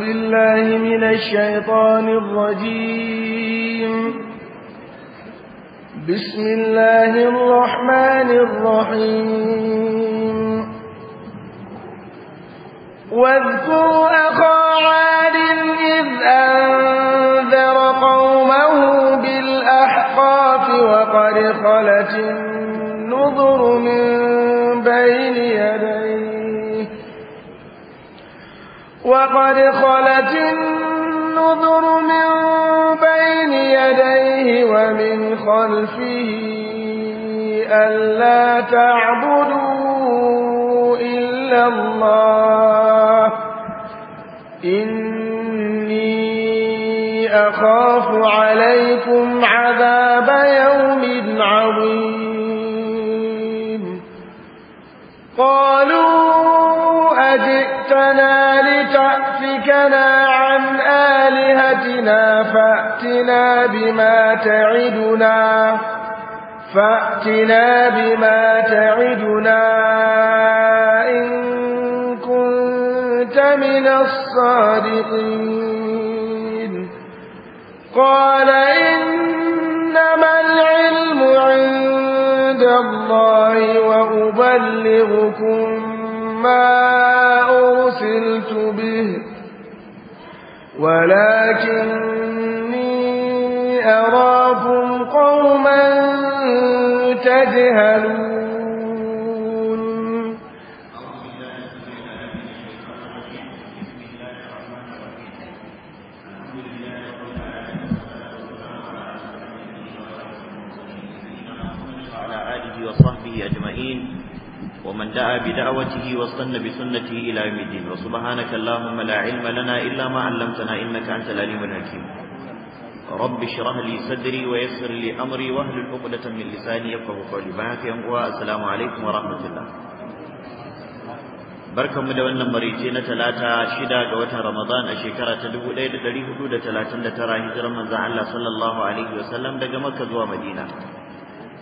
بالله من الشيطان الرجيم بسم الله الرحمن الرحيم واذكر أخا عاد إذ أنذر قومه بالأحقاف وقد خلت النذر من بين وقد خلت النذر من بين يديه ومن خلفه ألا تعبدوا إلا الله إني أخاف عليكم عذاب يوم عظيم قالوا أجئ جئتنا لتأفكنا عن آلهتنا فأتنا بما تعدنا فأتنا بما تعدنا إن كنت من الصادقين قال إنما العلم عند الله وأبلغكم ما أرسلت به ولكني أراكم قوما تجهلون ومن دعا بدعوته واستنى بسنته إلى يوم الدين وسبحانك اللهم لا علم لنا إلا ما علمتنا إنك أنت العليم الحكيم رب اشرح لي صدري ويسر لي أمري واهل عقدة من لساني يفقه قولي معك السلام عليكم ورحمة الله barkan mu da wannan marice na talata shida ga watan Ramadan a shekara ta 1439 hijirar manzon Allah sallallahu alaihi wasallam daga Makka zuwa Madina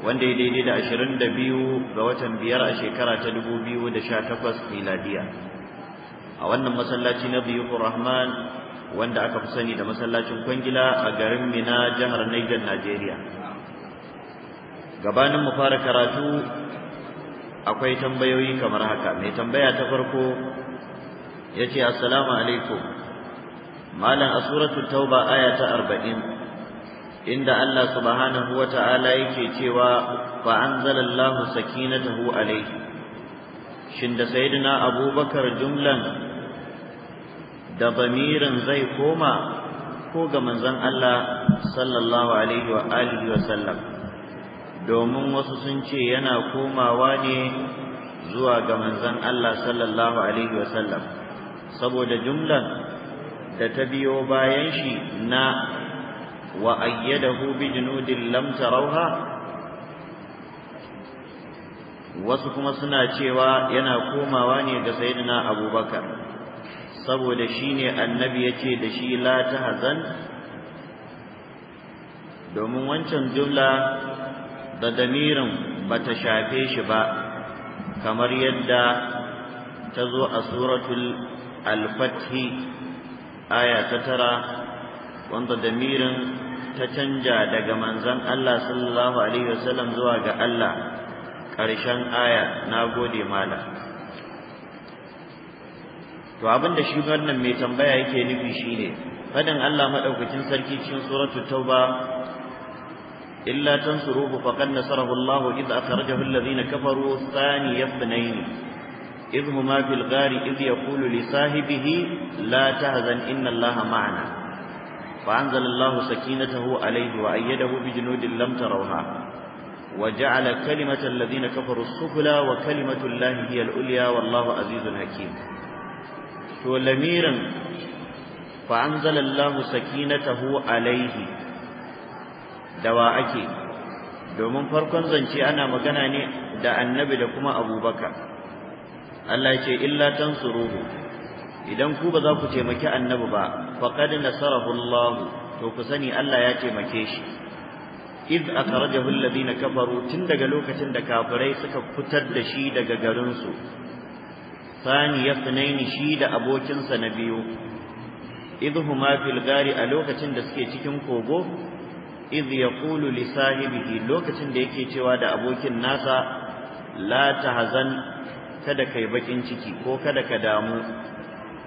wanda ya daidai da biyu ga watan biyar a shekara ta da sha 2018 miladiya a wannan masallaci na Biyukur Rahman wanda aka fi sani da masallacin Kwangila a garin Mina jihar Niger Najeriya gabanin mu fara karatu akwai tambayoyi kamar haka mai tambaya ta farko ya ce assalamu alaikum malam a suratul tauba aya ta arba'in. inda Allah subhanahu wa ta'ala yake cewa ba an fa anzalallahu sakinatahu alayhi shin da sayidina abubakar jumlan da bamirin zai koma ko ga manzan Allah sallallahu alaihi wa alihi wa sallam domin wasu sun ce yana komawa ne zuwa ga manzan Allah sallallahu alaihi wa sallam saboda jumlan da ta biyo bayan shi na وأيده بجنود لم تروها wasu kuma suna cewa yana komawa ne ga sayyidina abubakar saboda shi ne annabi ya ce da shi la ta hazan domin wancan jumla da damirin ba ta shafe shi ba kamar yadda ta zo a suratul al-fathi aya ta tara wanda damirin ta canja daga manzon Allah sallallahu alaihi wasallam zuwa ga Allah ƙarshen aya na gode mala to abinda shi wannan mai tambaya yake nufi shine faɗin Allah maɗaukacin sarki cikin suratul tauba illa tansuruhu faqad nasarahu Allah idh akhrajahu alladhina kafaru thani yafnaini idh huma fil ghari idh yaqulu li sahibihi la tahzan inna Allah ma'ana فأنزل الله سكينته عليه وأيده بجنود لم تروها وجعل كلمة الذين كفروا السفلى وكلمة الله هي العليا والله عزيز حكيم تو لميرن فأنزل الله سكينته عليه دواء أكيد domin farkon zance ana magana ne da annabi da kuma abubakar Allah ya ce illa tansuruhu idan ku ba za ku taimaki annabi ba faqad nasarahu Allah to ku sani Allah ya taimake shi iz akrajahu alladhina kafaru tun daga lokacin da kafirai suka fitar da shi daga garin su ya yasnaini shi da abokin sa na biyu idhuma fil gari a lokacin da suke cikin kogo iz yaqulu li sahibihi lokacin da yake cewa da abokin nasa la tahzan kada kai bakin ciki ko kada ka damu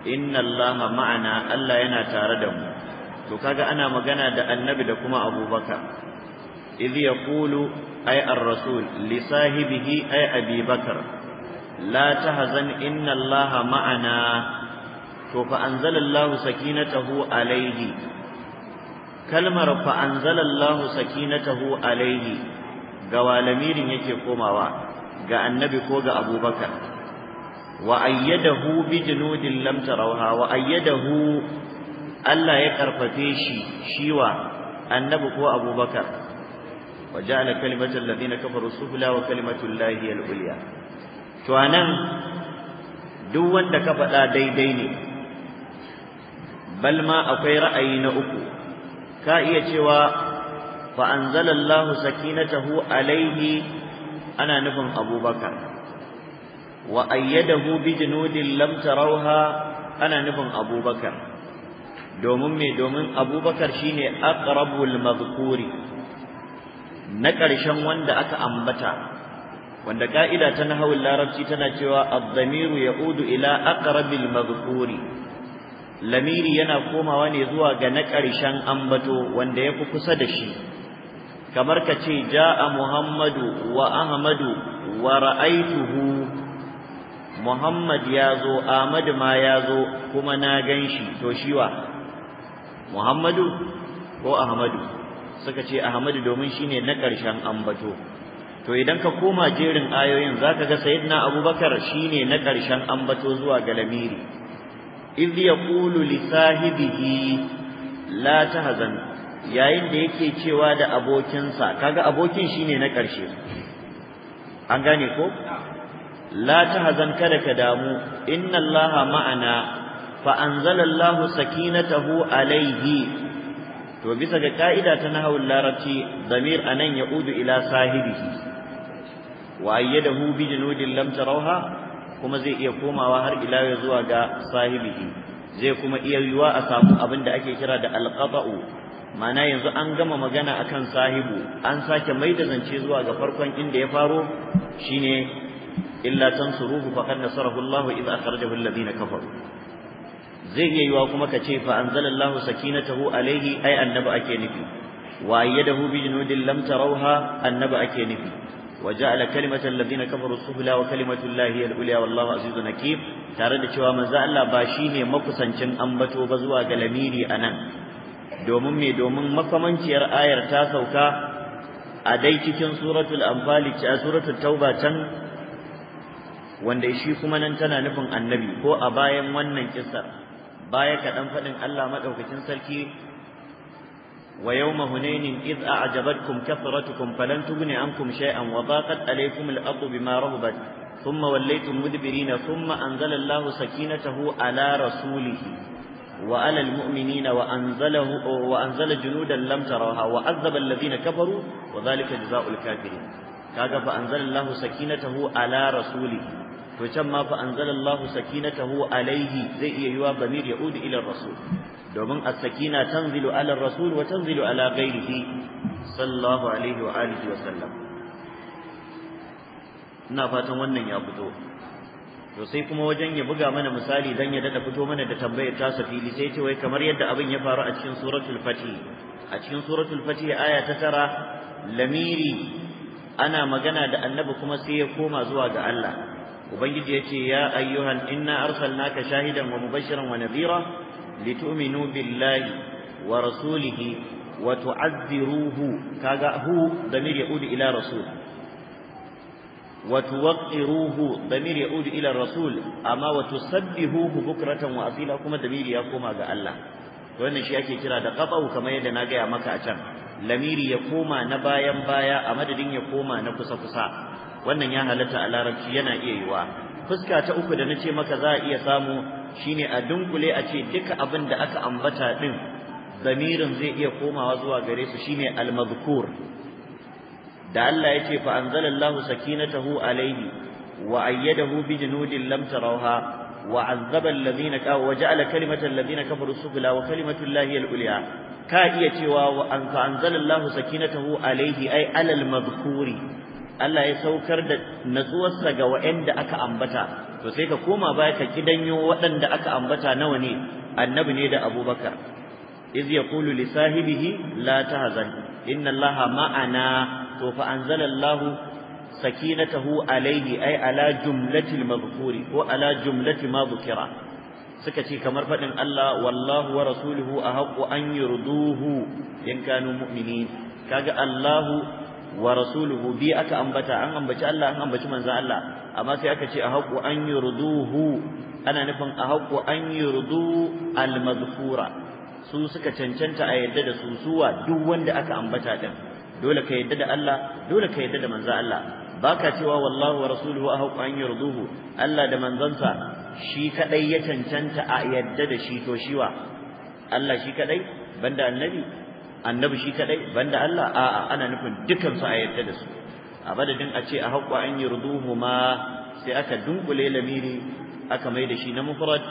inna allaha ma'ana Allah yana tare da mu to kaga ana magana da annabi da kuma abubakar idh yaqulu ay ar-rasul li sahibihi ay abi bakr la tahzan inna allaha ma'ana to fa anzala allahu sakinatahu alayhi kalmar fa anzala allahu sakinatahu alayhi ga walamirin yake komawa ga annabi ko ga abubakar وأيده بجنود لم تروها وأيده ألا يكرف فيشي شيوا النبي هو أبو بكر وجعل كلمة الذين كفروا السفلى وكلمة الله هي العليا to anan duk wanda ka faɗa daidai ne bal ma akwai ra'ayi na uku ka iya cewa fa anzalallahu sakinatahu alaihi ana nufin abubakar wa ayyadahu bi junudin lam tarawha ana nufin abubakar domin me domin abubakar shine aqrabul mazkuri na ƙarshen wanda aka ambata wanda ka'ida ta nahawul larabci tana cewa ad ya ya'udu ila aqrabil mazkuri lamiri yana komawa ne zuwa ga na ƙarshen ambato wanda yafi kusa da shi kamar ka ce ja'a muhammadu wa ahmadu wa ra'aytuhu Muhammad ya zo Ahmadu ma ya zo kuma na gan shi to shi wa Muhammadu ko Ahmadu suka ce Ahmadu domin shine na ƙarshen ambato to idan ka koma jerin ayoyin zaka ga sayyidina Abubakar shine na ƙarshen ambato zuwa ga lamiri idh yaqulu li sahibihi la tahzan yayin da yake cewa da abokinsa kaga abokin shine na ƙarshe an gane ko la tahzan kada ka damu inna allaha ma'ana fa anzala allahu sakinatahu alayhi to bisa ga ka'ida ta na hau larabci damir anan yaudu ila sahibihi wa ayyadahu bi junudin lam tarawha kuma zai iya komawa har ila zuwa ga sahibihi zai kuma iya yiwa a samu abin da ake kira da alqata'u mana yanzu an gama magana akan sahibu an sake mai da zance zuwa ga farkon inda ya faro shine illa tansuruhu faqad nasarahu Allah idh akhrajahu alladhina kafaru zai iya yiwa kuma ka ce fa anzalallahu sakinatahu alaihi ai annaba ake nufi wa ayyadahu bi junudin lam tarawha annaba ake nufi وجعل كلمة الذين كفروا السفلى وكلمة الله هي العليا والله عزيز حكيم tare da cewa manzo Allah ba shine makusancin ambato ba zuwa ga lamiri anan domin me domin makamanciyar ayar ta sauka a dai cikin suratul anfal a suratul tauba can wanda shi kuma nan tana nufin annabi ko a bayan wannan kissar baya ka dan fadin Allah madaukakin sarki wa yawma hunainin id a'jabatkum kathratukum falan tughni ankum shay'an wa daqat alaykum al-ardu bima rahabat thumma wallaytum mudbirina thumma anzala Allahu sakinatahu ala rasulihi wa wa wa ala anzalahu anzala junudan lam taraha wa azaba alladhina kafaru wa dhalika jazaa'ul kafirin kaga fa anzala Allahu sakinatahu ala rasulihi to can ma fa anzalallahu sakinatahu alaihi zai iya yiwa bamir ya'udu ila rasul domin as-sakina tanzilu ala rasul wa tanzilu ala ghairihi sallallahu alaihi wa alihi wa sallam ina fatan wannan ya fito to sai kuma wajen ya buga mana misali dan ya dada fito mana da tambayar ta safili sai ce wai kamar yadda abin ya faru a cikin suratul fatih a cikin suratul fatih aya ta tara lamiri ana magana da annabi kuma sai ya koma zuwa ga Allah ubangiji yace ya ayyuhan inna arsalnaka shahidan wa mubashiran wa nadhira litu'minu billahi wa rasulihi wa tu'azziruhu kaga hu damir yaudu ila rasul wa tuwaqqiruhu damir yaudu ila rasul amma wa tusabbihuhu bukratan wa asila kuma damir ya koma ga Allah wannan shi ake kira da qafau kamar yadda na gaya maka a can lamiri ya koma na bayan baya a madadin ya koma na kusa kusa wannan ya halatta a larabci yana iya yiwa fuska ta uku da nace maka za a iya samu shine a dunkule a ce duka abin da aka ambata din zamirin zai iya komawa zuwa gare su shine al-mazkur da Allah yace fa anzalallahu sakinatahu alayhi wa ayyadahu bi junudin lam tarawha wa azzaba alladhina kafaru wa ja'ala kalimata alladhina kafaru sufla wa kalimatu llahi al-ulya ka iya cewa wa an fa anzalallahu sakinatahu alayhi ay alal madhkuri Allah ya saukar da natsuwarsa ga waɗanda aka ambata to sai ka koma baya ka kidanyo waɗanda aka ambata nawa ne annabi ne da abubakar iz yaqulu li sahibihi la tahzan inna allaha ma'ana to fa anzala allahu sakinatahu alayhi ay ala jumlatil madhkuri ko ala jumlati ma dhukira suka ce kamar faɗin Allah wallahu wa rasuluhu ahaqqu an yurduhu in kanu mu'minin kaga Allahu wa rasuluhu bi aka ambata an ambaci Allah an ambaci manzon Allah amma sai aka ce a haƙu an yurduhu ana nufin a haƙu an yurdu al madhkura su suka cancanta a yadda da susuwa duk wanda aka ambata din dole ka yadda da Allah dole ka yadda da manzon Allah baka cewa wallahu wa rasuluhu a haƙu an yurduhu Allah da manzansa shi kadai ya cancanta a yadda da shi to shiwa Allah shi kadai banda annabi annabi shi kadai banda Allah a'a ana nufin dukan su a yarda da su a a ce a haƙƙo an yurduhu ma sai aka dunkule lamiri aka mai da shi na mufrad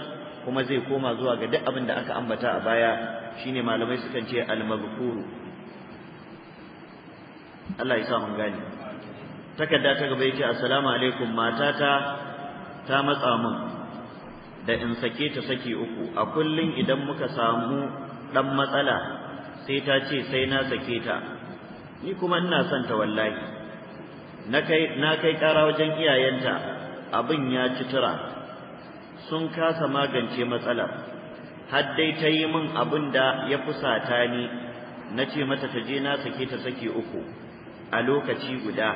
kuma zai koma zuwa ga duk abin da aka ambata a baya shine malamai sukan ce al-mazkuru Allah ya sa mun gane takarda ta gaba yace assalamu alaikum matata ta matsa mun da in sake ta saki uku a kullun idan muka samu dan matsala sai ta ce sai na sake ta ni kuma ina son ta wallahi na kai na kai ƙara wajen iyayenta abin ya ci tura sun kasa magance matsalar har dai ta yi min abin da ya fusata ni na ce mata ta je na sake ta sake uku a lokaci guda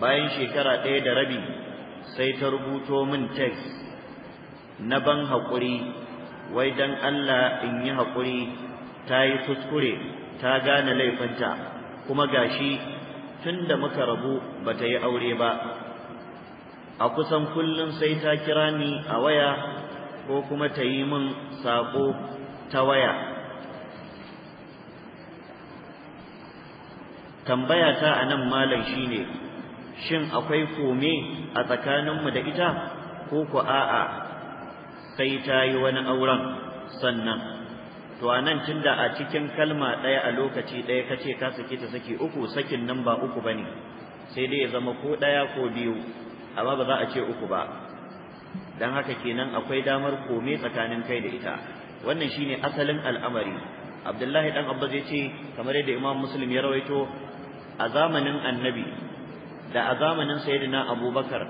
bayan shekara ɗaya da rabi sai ta rubuto min text na ban haƙuri wai don Allah in yi haƙuri ta yi kuskure ta gane laifinta kuma gashi tun da muka rabu ba ta yi aure ba a kusan kullum sai ta kira ni a waya ko kuma ta yi min saƙo ta waya tambaya ta a nan malam shine shin akwai kome a tsakaninmu da ita ko ku a'a sai ta yi wani auren sannan to a nan tunda a cikin kalma ɗaya a lokaci ɗaya ka ce ka sake ta saki uku sakin nan ba uku ba ne sai dai ya zama ko ɗaya ko biyu amma ba za a ce uku ba don haka kenan akwai damar kome tsakanin kai da ita wannan shine asalin al'amari abdullahi dan abbas ya ce kamar yadda imam muslim ya rawaito a zamanin annabi da a zamanin sayyidina abubakar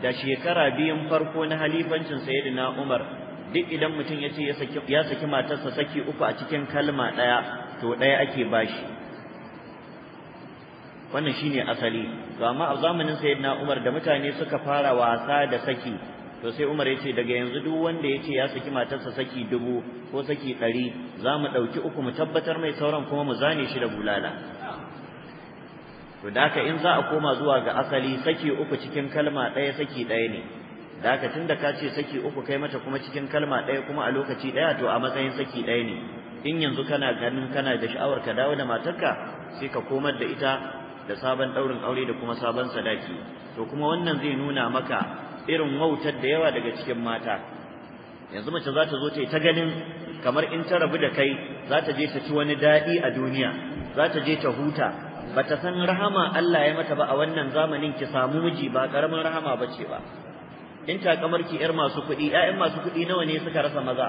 da shekara biyun farko na halifancin sayyidina umar duk idan mutum ya ce ya saki matarsa saki uku a cikin kalma ɗaya to ɗaya ake bashi wannan shine asali to amma a zamanin sayyidina Umar da mutane suka fara wasa da saki to sai Umar ya ce daga yanzu duk wanda ya ce ya saki matarsa saki dubu ko saki ɗari za mu ɗauki uku mu tabbatar mai sauran kuma mu zane shi da bulala to da haka in za a koma zuwa ga asali saki uku cikin kalma ɗaya saki ɗaya ne da haka tunda ka ce saki uku kai mata kuma cikin kalma ɗaya kuma a lokaci ɗaya to a matsayin saki ɗaya ne in yanzu kana ganin kana da sha'awar ka dawo da matarka sai ka komar da ita da sabon ɗaurin aure da kuma sabon sadaki to kuma wannan zai nuna maka irin wautar da yawa daga cikin mata yanzu mace za ta zo ta yi ta ganin kamar in ta rabu da kai za ta je ta ci wani daɗi a duniya za ta je ta huta bata san rahama Allah ya mata ba a wannan zamanin ki samu miji ba karamin rahama ce ba in takamarki yar masu kuɗi ƴaƴan masu kuɗi nawa ne suka rasa maza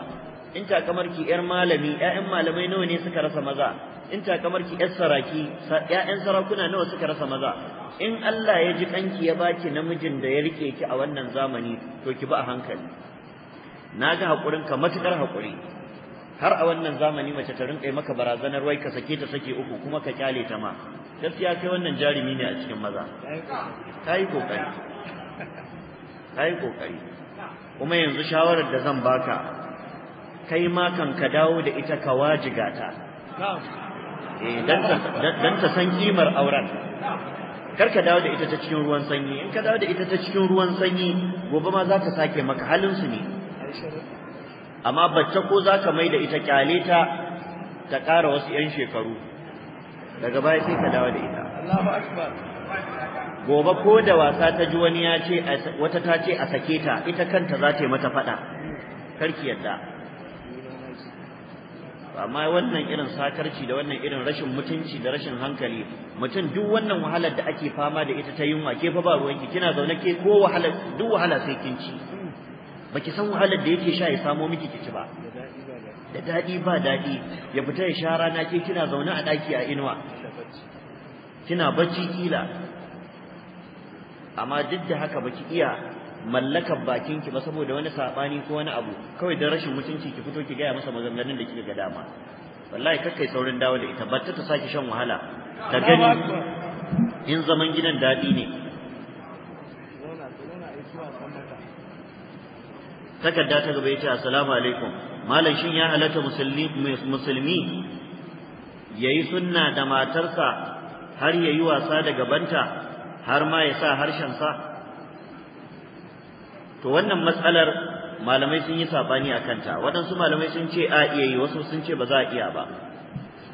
in takamarki yar malami ƴaƴan malamai nawa ne suka rasa maza in takamarki yar saraki ƴaƴan sarakuna nawa suka rasa maza in Allah ya ji kanki ya baki namijin da ya rike ki a wannan zamani to ki ba a hankali naga hakurin ka matukar hakuri har a wannan zamani mace ta rinka maka barazanar wai ka sake ta sake uku kuma ka kyale ta ma gaskiya kai wannan jarumi ne a cikin maza kai kokari kai kokari kuma yanzu shawarar da zan baka kai ma kan dawo da ita ka wajiga ta eh dan ta san kimar auren kar ka dawo da ita ta cikin ruwan sanyi in ka dawo da ita ta cikin ruwan sanyi gobe ma za ta sake maka halin su ne amma bacce ko za ka mai da ita kyale ta ta ƙara wasu 'yan shekaru daga baya sai ka dawo da ita gobe ko da wasa ta ji wani ya ce wata ta ce a sake ta ita kanta za ta yi mata faɗa karki yadda amma wannan irin sakarci da wannan irin rashin mutunci da rashin hankali mutum duk wannan wahalar da ake fama da ita ta yunwa ke fa ba ruwanki kina zaune ke ko wahalar duk wahala sai kin ci baki san wahalar da yake sha ya samo miki kici ba da daɗi ba daɗi ya fita ya sha rana ke kina zaune a daki a inuwa kina bacci kila amma duk da haka baki iya mallakar bakinki ba saboda wani sabani ko wani abu kawai da rashin mutunci ki fito ki gaya masa maganganun da kika ga dama wallahi kai saurin dawo da ita ba ta saki shan wahala ta gani in zaman gidan daɗi ne takarda ta gaba yace ce assalamu alaikum malam shin ya halatta musulmi musulmi yayi sunna da matarsa har yayi wasa da gabanta har ma ya sa harshensa to wannan matsalar malamai sun yi sabani a kanta waɗansu malamai sun ce a iya yi wasu sun ce ba za a iya ba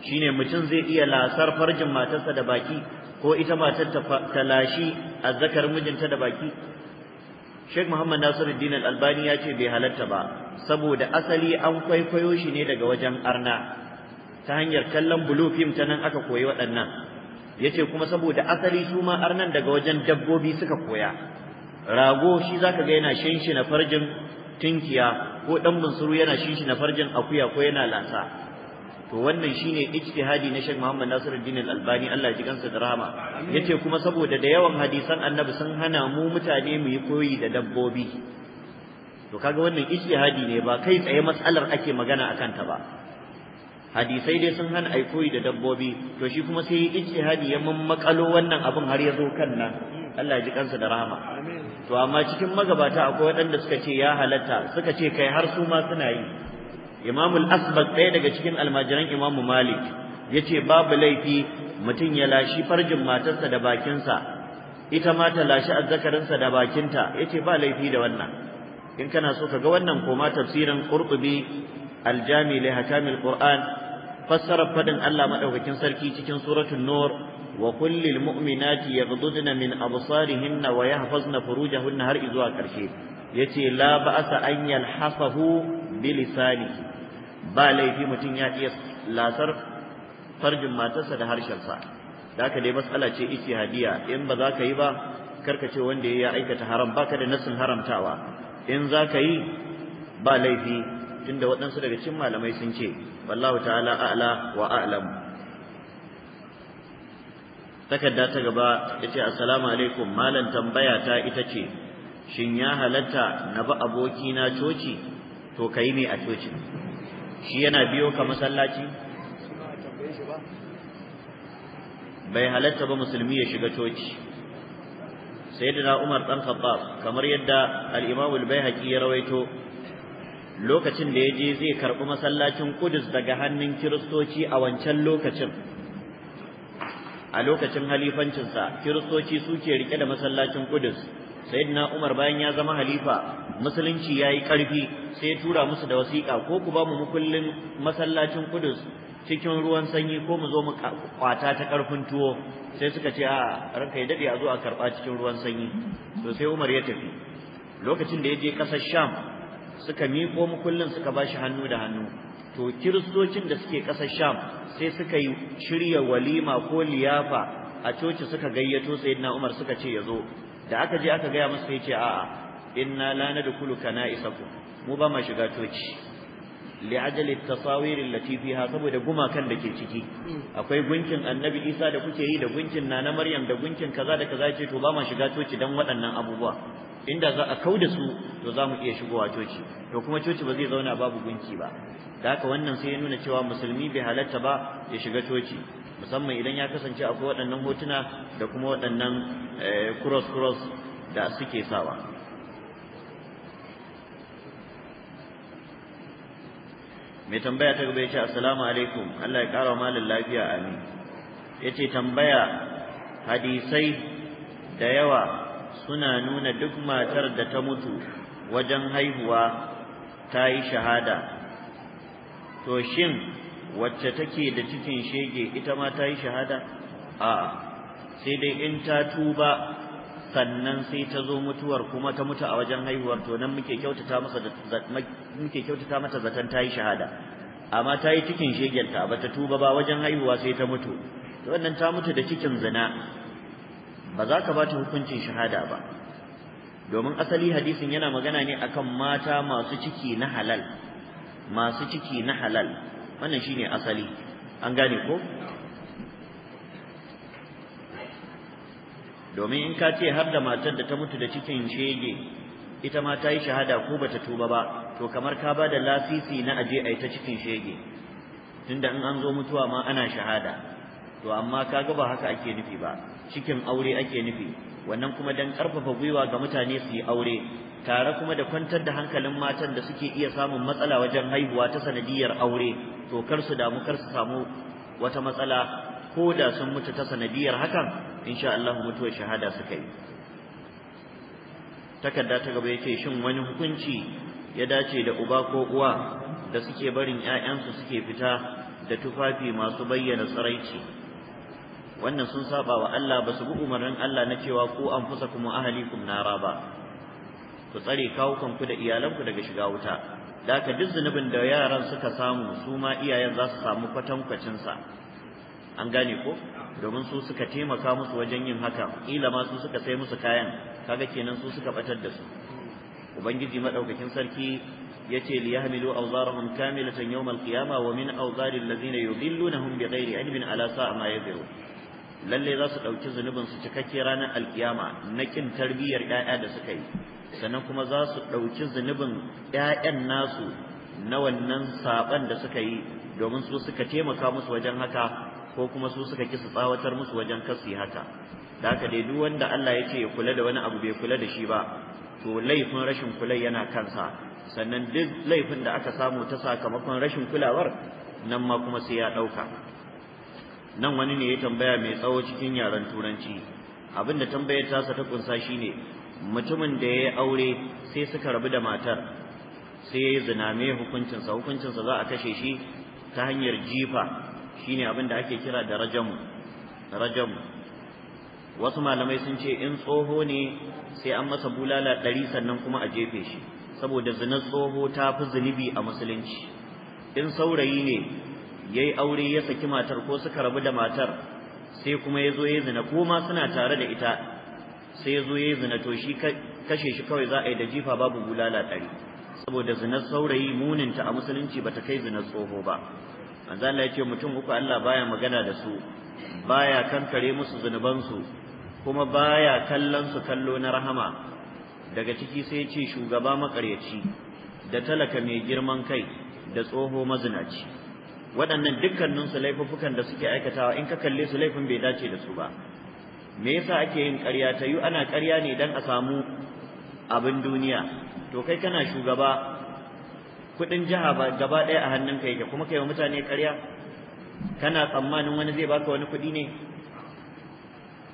shine mutum zai iya lasar farjin matarsa da baki ko ita matar ta lashi azzakar mijinta da baki Sheikh Muhammad Nasiruddin Al-Albani ya ce bai halarta ba saboda asali an kwaikwayo shi ne daga wajen arna ta hanyar kallon blue film ta nan aka koyi waɗannan yace kuma saboda asali su ma arnan daga wajen dabbobi suka koya rago shi zaka ga yana na farjin tinkiya ko dan bunsuru yana na farjin akuya ko yana lasa to wannan shine ijtihadi na Sheikh Muhammad Nasiru Al-Albani Allah ya ji gansa da rahama yace kuma saboda da yawan hadisan Annabi sun hana mu mutane mu yi koyi da dabbobi to kaga wannan ijtihadi ne ba kai tsaye matsalar ake magana akan ta ba hadisai dai sun hana aiko da dabbobi to shi kuma sai ijtihadi ya mammakalo wannan abin har ya zo kan nan Allah ji kansa da rahama to amma cikin magabata akwai waɗanda suka ce ya halatta suka ce kai har su ma suna yi Imam al-Asbad ɗaya daga cikin almajiran Imam Malik yace babu laifi mutum ya lashi farjin matarsa da bakinsa ita ma ta lashi azzakarinsa da bakinta yace ba laifi da wannan in kana so ka ga wannan koma tafsirin Qurtubi al-Jami li fassarar fadin Allah madaukakin sarki cikin suratul nur wa kullil mu'minati yaghdudna min absarihinna wa yahfazna furujahunna har zuwa karshe yace la ba'sa an yalhasahu bilisanihi ba laifi mutum ya iya lasar farjin matarsa da harshensa da haka dai matsala ce hadiya in ba za ka yi ba karka ce wanda ya aikata haram baka da nasin haramtawa in za ka yi ba laifi tunda waɗansu daga cikin malamai sun ce wallahu ta'ala a'la wa a'lam takarda ta gaba yace assalamu alaikum malam tambaya ta ita ce shin ya halatta na ba aboki na coci to kai ne a coci shi yana biyo ka masallaci bai halatta ba musulmi ya shiga coci sayyidina Umar dan Khattab kamar yadda al-Imam al-Baihaqi ya rawaito lokacin da ya je zai karɓi masallacin Kudus daga hannun Kiristoci a wancan lokacin a lokacin halifancinsa Kiristoci suke rike da masallacin Kudus na Umar bayan ya zama halifa musulunci ya yi ƙarfi sai ya tura musu da wasiƙa ko ku ba mu mukullin masallacin Kudus cikin ruwan sanyi ko mu zo mu kwata ta ƙarfin tuwo sai suka ce a ranka ya daɗe a zo a karɓa cikin ruwan sanyi to sai Umar ya tafi lokacin da ya je ƙasar Sham suka miƙo mukullin suka bashi hannu da hannu to kiristocin da suke ƙasar sham sai suka yi shirya walima ko liyafa a coci suka gayyato sayyidina umar suka ce yazo da aka je aka gaya musu ya ce a'a inna la nadkhulu kana'isakum mu ba ma shiga coci لعجل tasawir التي fiha saboda gumakan da ke ciki akwai gunkin annabi Isa da kuke yi da gunkin nana Maryam da gunkin kaza da kaza ce to ba ma shiga coci dan waɗannan abubuwa inda za a kauda su to za mu iya shigowa coci to kuma coci ba zai zauna babu gunki ba da haka wannan sai ya nuna cewa musulmi bai halatta ba ya shiga coci musamman idan ya kasance akwai waɗannan hotuna da kuma waɗannan eh, cross cross da suke sawa mai tambaya ta gaba ya ce assalamu alaikum Allah ya ƙara malin lafiya amin ya ce tambaya hadisai da yawa suna nuna duk matar da ta mutu wajen haihuwa ta yi shahada to shin wacce take da cikin shege ita ma ta yi shahada a sai dai in ta tuba sannan sai ta zo mutuwar kuma ta mutu a wajen haihuwar to nan muke kyautata masa muke kyautata mata zaton ta yi shahada amma ta yi cikin shegenta ba ta tuba ba wajen haihuwa sai ta mutu to wannan ta mutu da cikin zina ba za ka ba ta hukuncin shahada ba domin asali hadisin yana magana ne akan mata masu ciki na halal masu ciki na halal wannan shine asali an gane ko domin in ka ce har da matar da ta mutu da cikin shege ita ma ta yi shahada ko bata tuba ba to kamar ka ba da lasisi na aje a yi ta cikin shege tunda in an zo mutuwa ma ana shahada to amma kaga ba haka ake nufi ba cikin aure ake nufi wannan kuma dan karfafa gwiwa ga mutane su yi aure tare kuma da kwantar da hankalin matan da suke iya samun matsala wajen haihuwa ta sanadiyar aure to kar su damu kar su samu wata matsala ko da sun mutu ta sanadiyar hakan insha Allah mutuwar shahada suka yi takarda ta gaba yace shin wani hukunci ya dace da uba ko uwa da suke barin ƴaƴansu suke fita da tufafi masu bayyana tsaraici wannan sun saba wa Allah ba su bi umarnin Allah na cewa ku anfusakum wa ahlikum nara ba ku tsare kawo kanku da iyalanku daga shiga wuta da ka duk zunubin da yaran suka samu su ma iyayen za su samu kwatankwacin sa an gane ko domin su suka taimaka musu wajen yin haka kila ma su suka sai musu kayan kaga kenan su suka batar da su ubangiji madaukakin sarki yace li yahmilu awzarahum kamilatan yawm al-qiyamah wa min awzari alladhina yudillunahum bighairi ilmin ala sa'a ma yadhurun lalle za su ɗauki zunubin su cikakke ranar alkiyama na kin tarbiyyar ƴaƴa da suka yi sannan kuma za su ɗauki zunubin ƴaƴan nasu na wannan saban da suka yi domin su suka taimaka musu wajen haka ko kuma su suka ki su tsawatar musu wajen kasi haka da haka dai duk wanda Allah ya ce ya kula da wani abu bai kula da shi ba to laifin rashin kula yana kansa sannan duk laifin da aka samu ta sakamakon rashin kulawar nan ma kuma sai ya ɗauka nan wani ne ya tambaya mai tsawo cikin yaren turanci abin da tambayar tasa ta kunsa shine mutumin da ya aure sai suka rabu da matar sai ya yi zina me hukuncinsa hukuncinsa za a kashe shi ta hanyar jifa shine abin da ake kira da rajamu rajamu wasu malamai sun ce in tsoho ne sai an masa bulala ɗari sannan kuma a jefe shi saboda zinar tsoho ta fi zunubi a musulunci in saurayi ne yayi aure ya saki matar ko suka rabu da matar sai kuma ya zo zina ko ma suna tare da ita sai ya zo zina to shi kashe shi kawai za a yi da jifa babu bulala ɗari saboda zinar saurayi muninta a musulunci bata kai zinar tsoho ba manzo Allah ya ce mutum uku Allah baya magana da su baya kankare musu zunubansu kuma baya kallon su kallo na rahama daga ciki sai ya ce shugaba makaryaci da talaka mai girman kai da tsoho mazinaci waɗannan dukkanin su laifuffukan da suke aikatawa in ka kalle su laifin bai dace da su ba me yasa ake yin ƙarya ta yi ana ƙarya ne dan a samu abin duniya to kai kana shugaba kuɗin jiha gaba ɗaya a hannunka yake kuma kai wa mutane ƙarya kana tsammanin wani zai baka wani kuɗi ne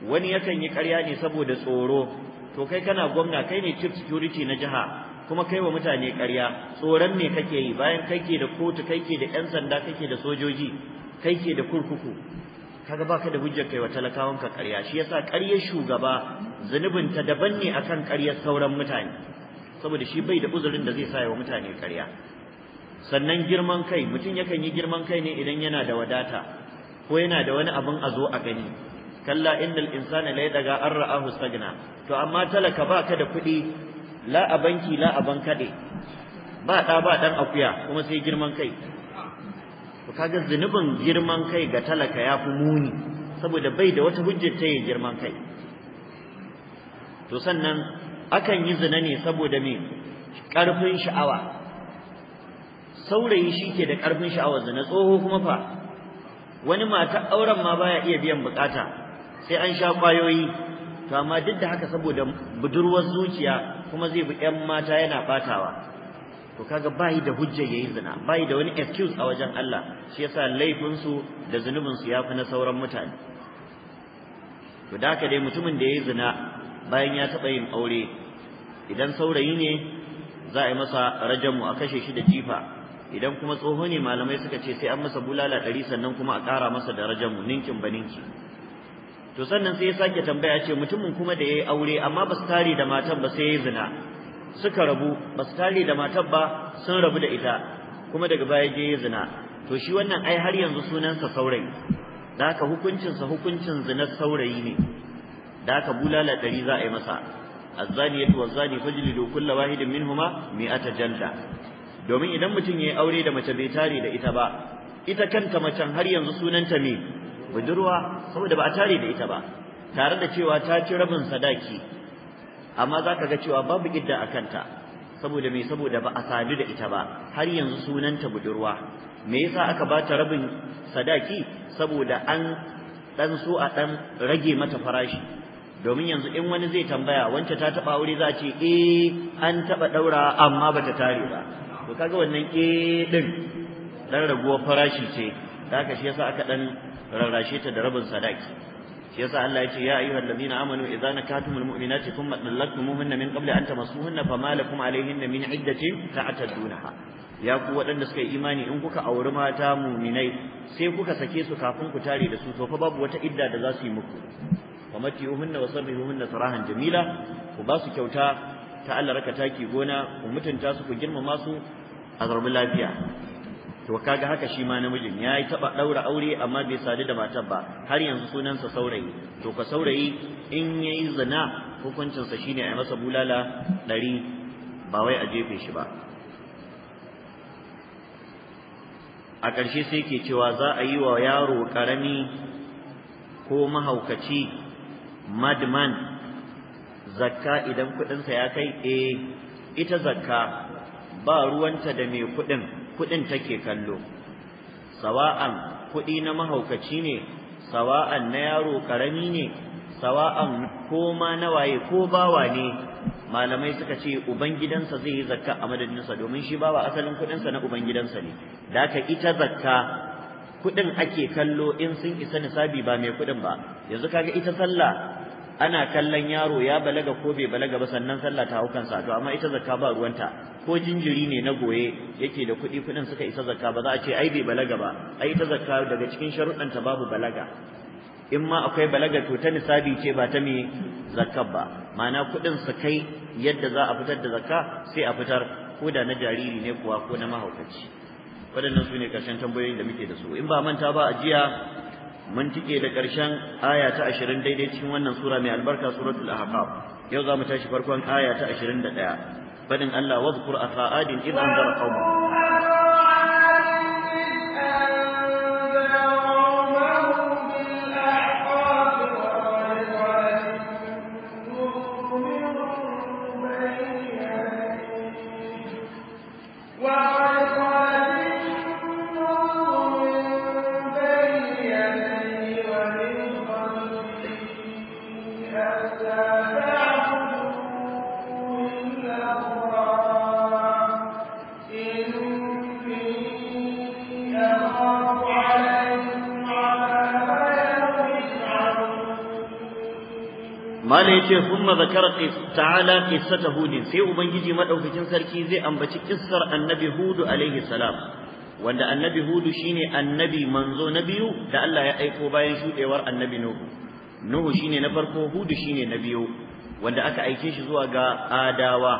wani yakan yi ƙarya ne saboda tsoro to kai kana gwamna kai ne chief security na jiha kuma kai wa mutane ƙarya tsoron me kake yi bayan kai ke da kotu kai ke da ƴan sanda kai ke da sojoji kai ke da kurkuku kaga baka da hujjar kai wa talakawanka ƙarya shi yasa ƙaryar shugaba zunubin ta daban ne akan ƙaryar sauran mutane saboda shi bai da uzurin da zai sa wa mutane ƙarya sannan girman kai mutum yakan yi girman kai ne idan yana da wadata ko yana da wani abin a zo a gani kalla innal insana la yadaga an ra'ahu to amma talaka baka da kuɗi la a banki la a bankaɗe ba ɗa ba ɗan akuya kuma sai girman kai to kaga zunubin girman kai ga talaka ya fi muni saboda bai da wata hujjar ta yin girman kai to sannan akan yi zina ne saboda me ƙarfin sha'awa saurayi shi ke da ƙarfin sha'awa, zina tsoho kuma fa wani mata auren ma baya iya biyan bukata sai an sha kwayoyi to amma duk da haka saboda budurwar zuciya kuma zai bi ƴan mata yana batawa to kaga bai da hujja yayi zina bai da wani excuse a wajen Allah shi yasa laifin su da zunubin su yafi na sauran mutane to da haka dai mutumin da yayi zina bayan ya taba yin aure idan saurayi ne za a yi masa rajamu a kashe shi da jifa idan kuma tsoho ne malamai suka ce sai an masa bulala ɗari sannan kuma a ƙara masa da rajamu ninkin ba ninki to sannan sai ya sake tambaya ce mutumin kuma da yayi aure amma ba su tare da matan ba sai yayi zina suka rabu ba su tare da matan ba sun rabu da ita kuma daga baya je yi zina to shi wannan ai har yanzu sunansa saurayi da haka hukuncinsa hukuncin zina saurayi ne da haka bulala dari za a yi masa azzaniyatu wazzani fajlidu kullu wahidin minhuma mi'ata janda domin idan mutum yayi aure da mace bai tare da ita ba ita kanta macen har yanzu sunanta me budurwa saboda ba a tare da ita ba tare da cewa ta ci rabin sadaki amma za ka ga cewa babu idda a kanta saboda me saboda ba a sadu da ita ba har yanzu sunanta budurwa me yasa aka ba ta rabin sadaki saboda an dan so a dan rage mata farashi domin yanzu in wani zai tambaya wance ta taba aure za a ce eh an taba daura amma bata tare ba to kaga wannan eh din dan raguwar farashi ce da haka shi yasa aka dan rarrashe ta da rabin sadaki shi yasa Allah yake ya ayyuhal ladina amanu idza nakatumul mu'minati thumma talaqtumuhunna min qabli an tamassuhunna fama lakum alayhinna min iddatin ta'tadunaha ya ku waɗanda suka yi imani in kuka auri mata muminai sai kuka sake su kafin ku tare da su to fa babu wata idda da za su yi muku famatiuhunna wasarrihuhunna sarahan jamila ku ba su kyauta ta Allah raka taki gona ku mutunta su ku girmama su a zarbin lafiya to kaga haka shi ma namijin ya yi taɓa ɗaura aure amma bai sadu da matar ba har yanzu sunansa saurayi to ka saurayi in ya yi zina hukuncinsa shine a masa bulala ɗari ba wai a jefe shi ba a ƙarshe sai ke cewa za a yi wa yaro ƙarami ko mahaukaci madman zakka idan kuɗinsa ya kai e ita zakka ba ruwanta da mai kuɗin kuɗin take kallo sawa'an kuɗi na mahaukaci ne sawa'an na yaro ƙarami ne sawa'an ko na waye ko bawa ne malamai suka ce ubangidansa zai yi zakka a madadinsa domin shi bawa asalin kuɗinsa na ubangidansa ne daka ita zakka kuɗin ake kallo in sun isa nisabi ba mai kuɗin ba yanzu kaga ita sallah ana kallon yaro ya balaga ko bai balaga ba sannan sallah ta hukan sa to amma ita zakka ba ruwanta ko jinjiri ne na goye yake da kuɗi kuɗin suka isa zakka ba za a ce ai bai balaga ba ai ita zakka daga cikin sharuɗan ta babu balaga in ma akwai balaga to ta nisabi ce ba ta me zakka ba ma'ana kuɗin su kai yadda za a fitar da zakka sai a fitar ko da na jariri ne kuwa ko na mahaukaci waɗannan su ne ƙarshen tambayoyin da muke da su in ba manta ba a jiya mun tike da ƙarshen aya ta 20 daidai cikin wannan sura mai albarka suratul ahqaf yau za mu tashi farkon aya ta 21 fadin Allah wadhkur afa adin idh anzara qaumahu mala yace thumma zakara ta'ala ta hud sai ubangiji maɗaukakin sarki zai ambaci kissar annabi Hudu, alaihi salam wanda annabi hud shine annabi manzo na biyu da Allah ya aiko bayan shuɗewar annabi nuhu nuhu shine na farko hud shine na biyu wanda aka aike shi zuwa ga adawa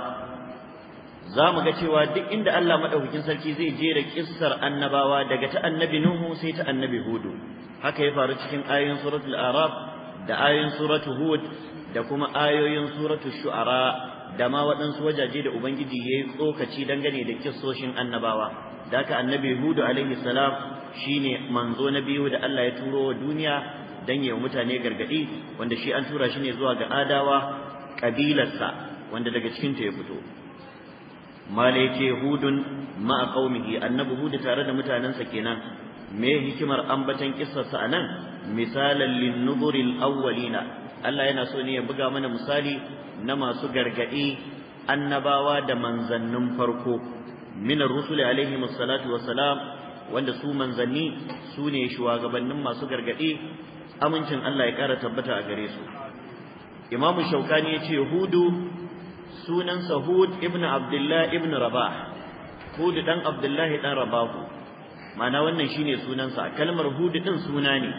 za mu ga cewa duk inda Allah maɗaukakin sarki zai jera kissar annabawa daga ta annabi nuhu sai ta annabi hudu haka ya faru cikin ayoyin suratul araf da ayoyin suratul hud da kuma ayoyin suratul shu'ara da ma waɗansu wajaje da ubangiji ya yi tsokaci dangane da kissoshin annabawa da ka annabi hudu alaihi salam shine manzo na biyu da Allah ya turo wa duniya dan yawa mutane gargadi wanda shi an tura shi ne zuwa ga adawa kabilarsa wanda daga cikin ta ya fito malaike hudun ma qaumihi annabi hudu tare da mutanensa kenan me hikimar ambatan kissarsa anan misalan lin nuzuril awwalina Allah yana so ne ya buga mana misali na masu gargadi annabawa da manzannin farko min ar-rusuli alaihi wassalatu wassalam wanda su manzanni su ne shugabannin masu gargadi amincin Allah ya kara tabbata a gare su Imam Shawkani yace Hudu sunan Sahud ibn Abdullah ibn Rabah Hudu dan Abdullah dan Rabah ma'ana wannan shine sunansa kalmar Hudu din suna ne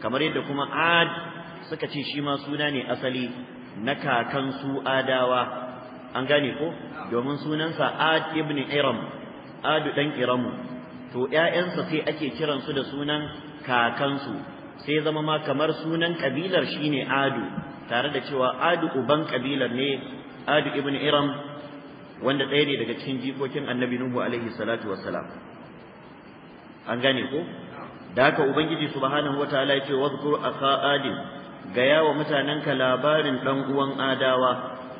kamar yadda kuma Ad suka ce shi ma suna ne asali na kakan su adawa an gane ko domin sunansa ad ibn iram adu dan iramu to ƴaƴansa sai ake kiran su da sunan kakansu sai zama ma kamar sunan kabilar shine adu tare da cewa adu uban kabilar ne adu ibn iram wanda ɗaya ne daga cikin jikokin annabi nuhu alaihi salatu wassalam an gane ko da haka ubangiji subhanahu wataala ya ce wadhkur akha adin gaya wa mutanenka labarin dan uwan adawa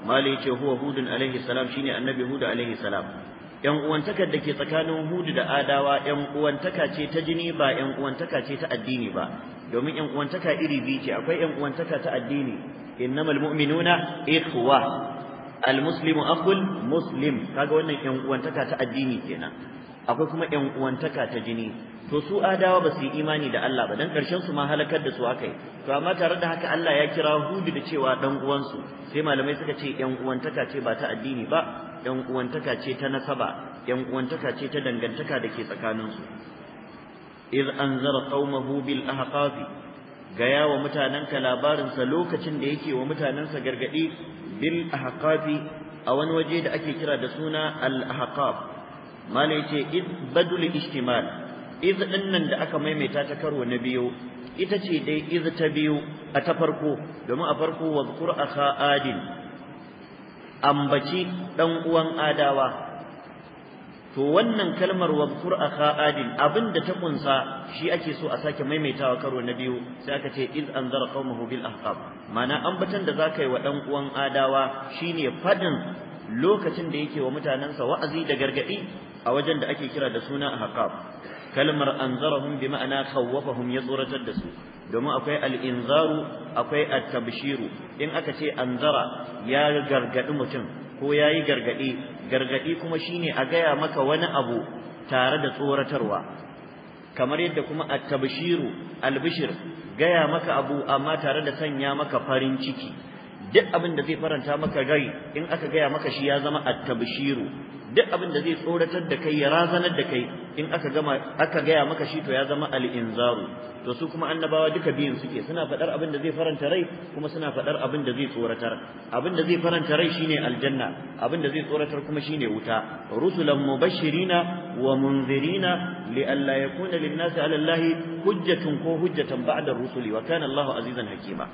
mali ce huwa hudun alaihi salam shine annabi hudu alaihi salam yan uwantakar da ke tsakanin hudu da adawa yan uwantaka ce ta jini ba yan uwantaka ce ta addini ba domin yan uwantaka iri biyu ce akwai yan uwantaka ta addini innamal mu'minuna ikhwa almuslimu akhul muslim kaga wannan yan uwantaka ta addini kenan akwai kuma yan uwantaka ta jini to su adawa ba su yi imani da Allah ba dan karshen su ma halakar da su akai to amma tare da haka Allah ya kira Hudu da cewa dan uwansu sai malamai suka ce yan uwantaka ce ba ta addini ba yan uwantaka ce ta nasaba yan uwantaka ce ta dangantaka da ke tsakanin su iz anzara qaumahu bil ahqafi gaya wa labarin labarinsa lokacin da yake wa mutanensa gargadi bil ahqafi a wani waje da ake kira da suna al-ahqaf malai ce id badul ishtimal iz dinnan da aka maimaita ta karo na biyu ita ce dai iz ta biyu a ta farko domin a farko wa zkur akha adil ambaci dan uwan adawa to wannan kalmar wa zkur akha adil abinda ta kunsa shi ake so a sake maimaita wa karo na biyu sai aka ce iz anzara qaumahu bil ahqab Mana ambatan da zakai wa dan uwan adawa shine fadin lokacin da yake wa mutanensa wa'azi da gargadi a wajen da ake kira da suna ahqab kalmar anzarahum bi ma'ana khawwafahum ya tsoratar da su domin akwai al'inzaru, akwai at-tabshiru in aka ce anzara ya gargadi mutum ko yayi gargadi gargadi kuma shine a gaya maka wani abu tare da tsoratarwa kamar yadda kuma at-tabshiru al-bishir gaya maka abu amma tare da sanya maka farin ciki duk abin da zai faranta maka rai in aka gaya maka shi ya zama at-tabshiru duk abin da zai tsoratar da kai ya razanar da kai in aka gama aka gaya maka shi to ya zama al-inzaru to su kuma annabawa duka biyun suke suna faɗar abin da zai faranta rai kuma suna faɗar abin da zai tsoratar abin da zai faranta rai shine aljanna abin da zai tsoratar kuma shine wuta rusulan mubashirina wa munzirina li'alla yakuna lin-nasi 'ala Allahi hujjatun ko hujjatan ba'da rusuli wa kana Allahu azizan hakima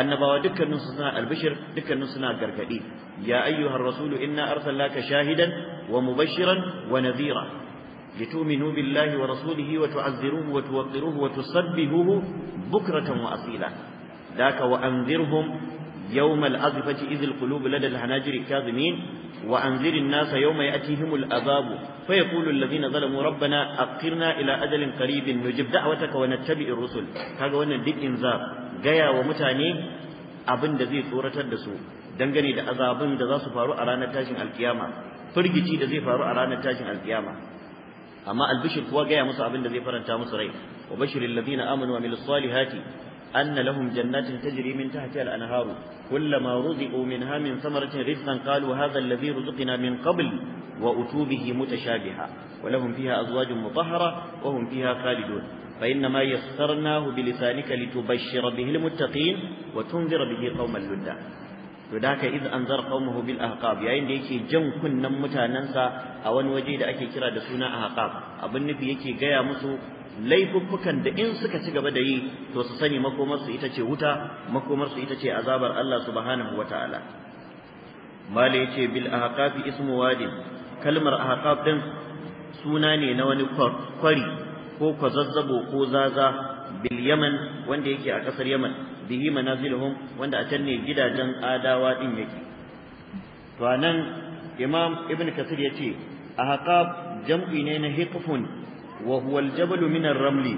annabawa dukkaninsu suna albishir dukkaninsu suna gargadi يا أيها الرسول إنا أرسلناك شاهدا ومبشرا ونذيرا لتؤمنوا بالله ورسوله وتعزروه وتوقروه وتصبهوه بكرة وأصيلا ذاك وأنذرهم يوم الأزفة إذ القلوب لدى الحناجر كاظمين وأنذر الناس يوم يأتيهم الأباب فيقول الذين ظلموا ربنا أقرنا إلى أجل قريب نجب دعوتك ونتبع الرسل هذا وانا الدين إنذار جايا ومتاني أبن دذي ثورة الدسوق dangane da azabin da za su faru a ranar tashin alkiyama firgici da zai faru a ranar tashin alkiyama amma albishir kuwa ga ya musu abin da zai faranta musu rai wa bashiril ladina amanu wa amilus salihati anna lahum jannatin tajri min tahti al-anhar kullama ruziqu minha min thamaratin rizqan qalu hadha alladhi ruziqna min qabl wa utubihi mutashabiha wa lahum fiha azwajun mutahhara wa hum fiha khalidun فإنما يسرناه بلسانك لتبشر به المتقين وتنذر به قوما لدا to da haka iz anzar qaumahu bil ahqab yayin da yake jan kunnan mutanansa a wani waje da ake kira da suna ahqab abin nufi yake gaya musu laifuffukan da in suka ci gaba da yi to su sani makomarsu ita ce wuta makomarsu ita ce azabar Allah subhanahu wataala mali yace bil ahqab ismu wadin kalmar ahqab din suna ne na wani kwari ko kwazazzabo ko zaza bil yaman wanda yake a kasar yaman bihi manaziluhum wanda a can ne gidajen adawa din yake to anan imam ibn kasir yace ahqab jam'i ne na hiqfun wa huwa aljabal min arraml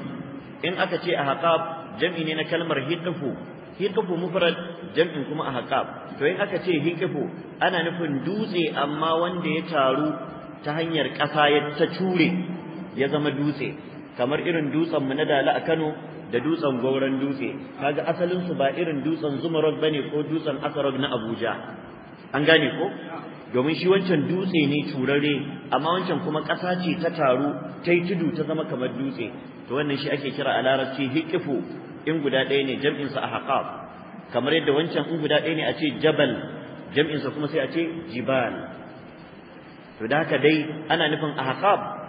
in aka ce ahqab jam'i ne na kalmar hiqfu hiqfu mufrad jam'in kuma ahqab to in aka ce hiqfu ana nufin dutse amma wanda ya taru ta hanyar ƙasa ya ta cure ya zama dutse kamar irin dutsen mu na dala a Kano da dutsen gauran dutse kaga asalin su ba irin dutsen zumarod bane ko dutsen asarog na Abuja an gane ko domin shi wancan dutse ne turare amma wancan kuma ƙasa ce ta taru ta yi tudu ta zama kamar dutse to wannan shi ake kira a larabci hikifu in guda ɗaya ne jam'insa a haƙaf kamar yadda wancan in guda ɗaya ne a ce jabal jam'insa kuma sai a ce jibal to da haka dai ana nufin a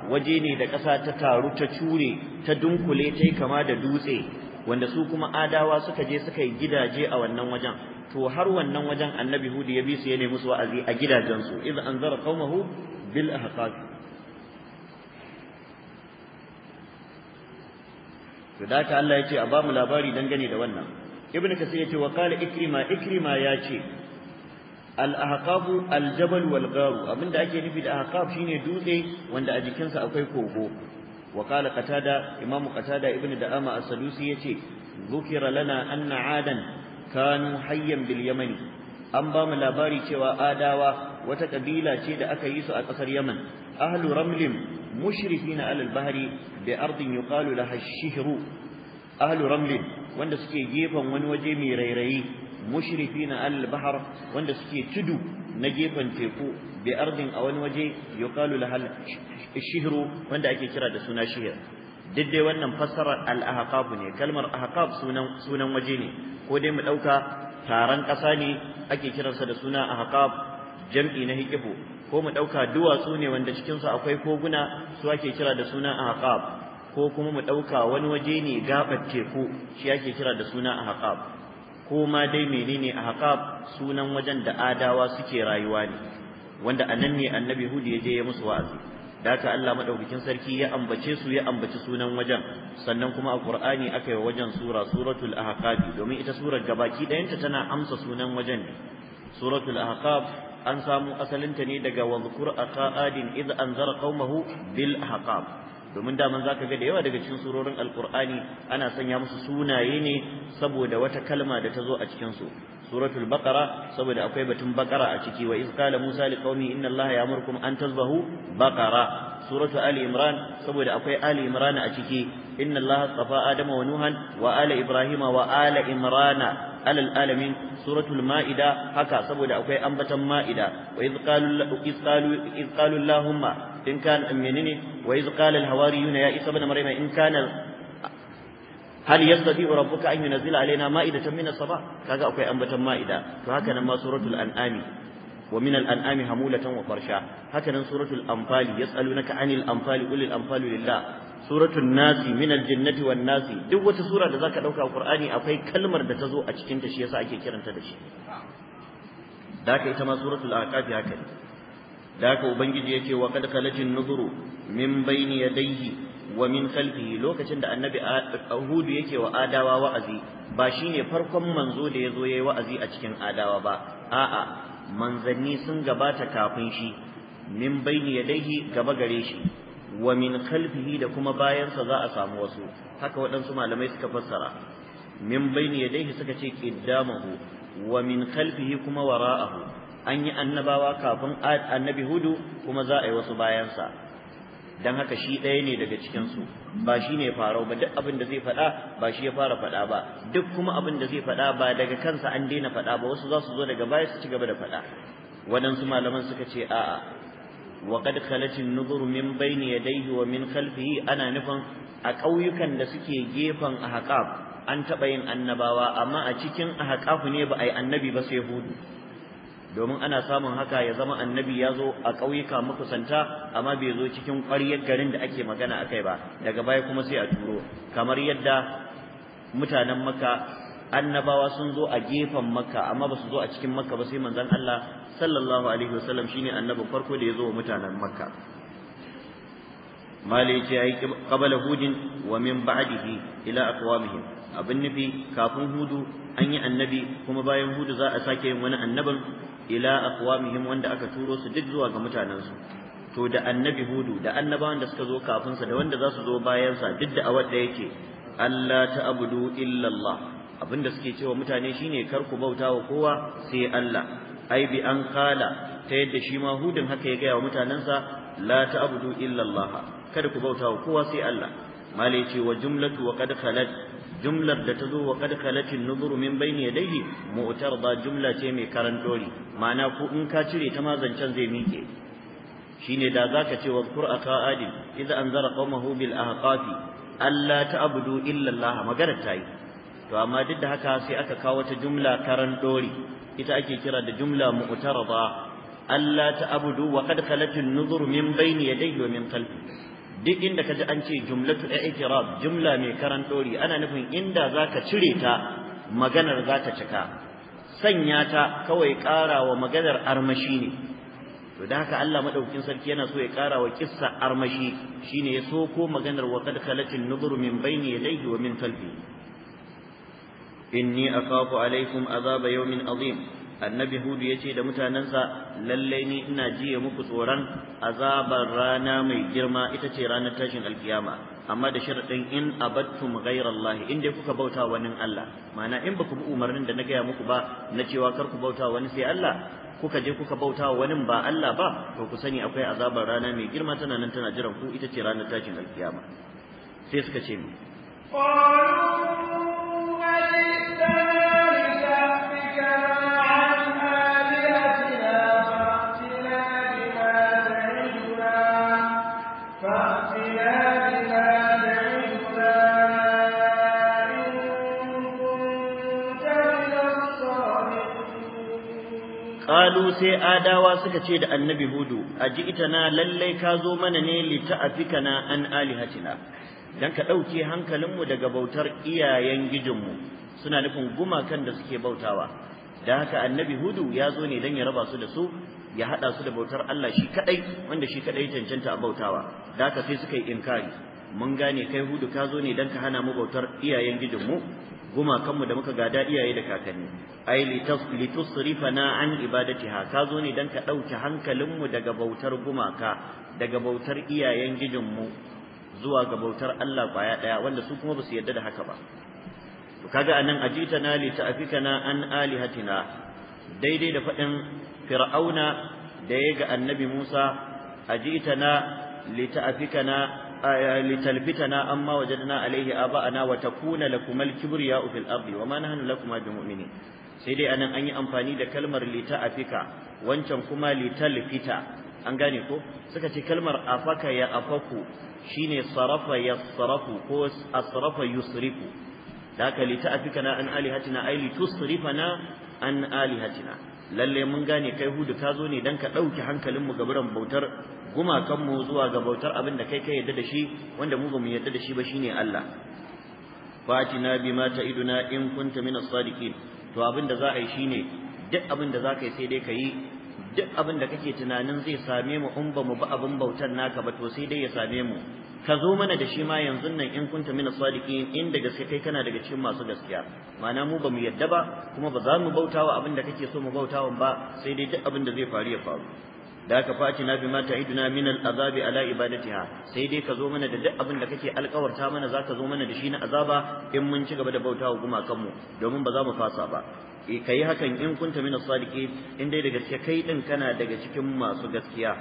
waje ne da ƙasa ta taru ta cure ta dunkule ta yi kama da dutse wanda su kuma adawa suka je suka yi gidaje a wannan wajen to har wannan wajen annabi hudu ya bi su ya nemi su wa'azi a gidajensu an zara kaumahu bil ahqaq to da ta Allah ya ce a ba labari dangane da wannan ibnu kasir ya ce wa qala ikrima ikrima ya ce al-ahqabu al-jabal wal gharu abinda ake nufi da ahqab shine dutse wanda a jikinsa akwai kogo wa qala qatada imamu qatada ibn da'ama as-sadusi yace dhukira lana anna adan kanu hayyan bil yamani an ba mu labari cewa adawa wata kabila ce da aka yi su a kasar yaman ahlu ramlim mushrifina ala al bahari bi ardin yuqalu laha ash-shihru ahlu ramlim wanda suke gefen wani waje mai rairayi mushrifi na albahar wanda suke tudu na gefen teku bi ardin a wani waje yuqalu lahal shihiru wanda ake kira da suna shihir duk dai wannan fassarar al ne kalmar ahqab sunan sunan waje ne ko dai mu dauka taron kasa ne ake kiransa da suna ahqab jam'i na hikibu ko mu dauka duwatsu ne wanda cikin su akwai koguna su ake kira da suna ahqab ko kuma mu dauka wani waje ne gabar teku shi ake kira da suna ahqab ko ma dai menene a sunan wajen da adawa suke rayuwa ne wanda anan ne annabi hudu ya je ya musu wa'azi daka Allah madaukakin sarki ya ambace su ya ambaci sunan wajen sannan kuma a Qur'ani aka yi wajen sura suratul ahqab domin ita surar gabaki ɗayanta tana amsa sunan wajen ne suratul ahqab an samu asalinta ne daga wa zkur aqadin id anzara qaumahu bil ahqab domin daman zaka ga da yawa daga cikin surorin Alkur'ani, ana sanya musu sunaye ne saboda wata kalma da ta zo a cikin su suratul baqara saboda akwai batun baqara a ciki wa iz musa liqaumi inna allaha ya'murukum an tazbahu baqara suratul ali imran saboda akwai ali imran a ciki inna allaha safa adama wa nuhan wa ala ibrahima wa ala imrana على الآلمين سورة المائدة حكا سبو دا أكوي أنبتا مائدة وإذ قالوا إذ قالوا إذ قالوا اللهم إن كان أمينيني وإذ قال الهواريون يا إسابنا مريم إن كان هل يستطيع ربك أن ينزل علينا مائدة من السماء كاكا أكوي أنبتا مائدة فهكا نما سورة الأنعام ومن الأنعام همولة وفرشا هكذا سورة الأنفال يسألونك عن الأنفال قل الأنفال لله suratul nasi min Jannati wan nasi duk wata sura da zaka dauka qur'ani akwai kalmar da tazo a cikin ta shi yasa ake kiranta da shi daka ita ma suratul aqab haka ne da ubangiji yake wa kad khalajin nuzuru min bayni yadayhi wa min khalfihi lokacin da annabi ahudu yake wa adawa wa'azi ba shine farkon manzo da yazo yayi wa'azi a cikin adawa ba a'a manzanni sun gabata kafin shi min bayni yadayhi gaba gare shi wa min khalfihi da kuma bayansa za a samu wasu haka waɗansu malamai suka fassara min bayni yadayhi suka ce qiddamahu wa min khalfihi kuma wara'ahu an yi annabawa kafin annabi hudu kuma za a yi wasu bayansa dan haka shi ɗaya ne daga cikin su ba shi ne farau ba duk abin da zai faɗa ba shi ya fara faɗa ba duk kuma abin da zai faɗa ba daga kansa an daina faɗa ba wasu za su zo daga baya su ci gaba da faɗa waɗansu malaman suka ce a'a wa qad khalat an-nuzur min bayni yadayhi wa min ana nufin a ƙauyukan da suke gefen ahqaf an taɓa yin annabawa amma a cikin ahqaf ne ba ai annabi ba sai hudu domin ana samun haka ya zama annabi ya zo a ƙauyuka makusanta amma bai zo cikin ƙwaryar garin da ake magana akai ba daga baya kuma sai a turo kamar yadda mutanen maka annabawa sun zo a gefen makka amma ba su zo a cikin makka ba sai manzon Allah sallallahu alaihi wasallam shine annabin farko da ya zo wa mutanen makka mali ce yi qabala hudin wa min ba'dihi ila aqwamihim abin nufi kafin hudu an yi annabi kuma bayan hudu za a sake yin wani annabin ila aqwamihim wanda aka turo su duk zuwa ga mutanensu to da annabi hudu da annabawan da suka zo kafinsa da wanda za su zo bayansa duk da awar da yake Allah ta abudu illallah abinda suke cewa mutane shine kar ku bauta wa kowa sai Allah ai bi an kala ta yadda shi ma hudin haka ya gaya wa mutanensa la ta'budu illa Allah kada ku bauta wa kowa sai Allah malai ce wa jumlatu wa qad khalat jumlar da ta zo wa qad khalat an-nuzur min bayni yadayhi mu'tarda jumla ce mai karantori ma'ana ko in ka cire ta ma zancen zai mike shine da zaka ce wa qur'a ka adin idza anzara qaumahu bil ahqafi alla ta'budu illa Allah maganar tayi to amma duk da haka sai aka kawo wata jumla karan dori ita ake kira da jumla mu'tarada Allah ta'budu wa qad khalatun nuzur min bayni yadayhi wa min qalbi duk inda kaji an ce jumlatu i'tirab jumla mai karan dori ana nufin inda zaka cire ta maganar zaka cika sanya ta kawai ƙara wa maganar armashi ne to da haka Allah madaukin sarki yana so ya ƙara wa kissa armashi shine ya soko maganar wa kad khalatin nuzur min bayni yadayhi wa min khalfi inni akhafu alaikum azaba yawmin azim annabi hudu yace da mutanansa lalle ni ina jiye muku tsoron azabar rana mai girma ita ce ranar tashin alkiyama amma da sharadin in abattum ghayra Allah in dai kuka bauta wani Allah ma'ana in baku bi umarnin da na gaya muku ba na cewa kar ku bauta wani sai Allah kuka je kuka bauta wani ba Allah ba to ku sani akwai azabar rana mai girma tana nan tana jiran ku ita ce ranar tashin alkiyama sai suka ce mu qalu sai adawa suka ce da annabi hudu aji ita na lallai ka zo mana ne lita li ta'afikana an alihatina dan ka ɗauke hankalinmu daga bautar iyayen gijinmu suna nufin gumakan da suke bautawa da haka annabi hudu ya zo ne dan ya raba su da su ya haɗa su da bautar Allah shi kaɗai wanda shi kaɗai cancanta a bautawa da haka sai suka yi inkari mun gane kai hudu ka zo ne dan ka hana mu bautar iyayen gijinmu gumakanmu da muka gada iyaye da kakanni ai na an ibadatiha ka zo ne dan ka ɗauke hankalinmu daga bautar gumaka daga bautar iyayen gijinmu zuwa ga bautar Allah kwaya daya wanda su kuma basu yadda da haka ba to kaga anan na li ta'fikana an alihatina daidai da fadin fir'auna da ya ga annabi Musa na li ta'fikana li talfitana amma wajadna alaihi aba'ana wa takuna lakumal kibriya fil ardi wa ma nahnu lakuma bimu'minin sai dai anan an yi amfani da kalmar li ta'fika wancan kuma li an gane ko suka ce kalmar afaka ya afaku shine sarafa ya sarafu ko asrafa yusrifu da haka li na an alihatina ay li tusrifana an alihatina lalle mun gane kai hudu ka zo ne dan ka dauki hankalin mu gaburan bautar gumakan mu zuwa ga bautar abin da kai kai yadda da shi wanda mu ba mu yadda da shi ba shine Allah fatina bima ta'iduna in kunta minas sadiqin to abin da za a yi shine duk abin za ka yi sai dai ka yi duk abin da kake tunanin zai same mu in bamu mu ba abin bautar naka ba to sai dai ya same mu ka zo mana da shi ma yanzu nan in kunta mina sadiqin in da gaske kai kana daga cikin masu gaskiya ma'ana mu bamu yadda ba kuma ba za mu bautawa abin da kake so mu bauta ba sai dai duk abin da zai faru ya faru da ka faci na bi mata iduna min al'azabi ala ibadatiha sai dai ka zo mana da duk abin da kake alkawarta mana zaka zo mana da shi na azaba in mun ci gaba da bautawa gumakan mu domin ba za mu fasa ba Eh, ka yi hakan in kunta min as in dai da gaske kai din kana daga cikin masu gaskiya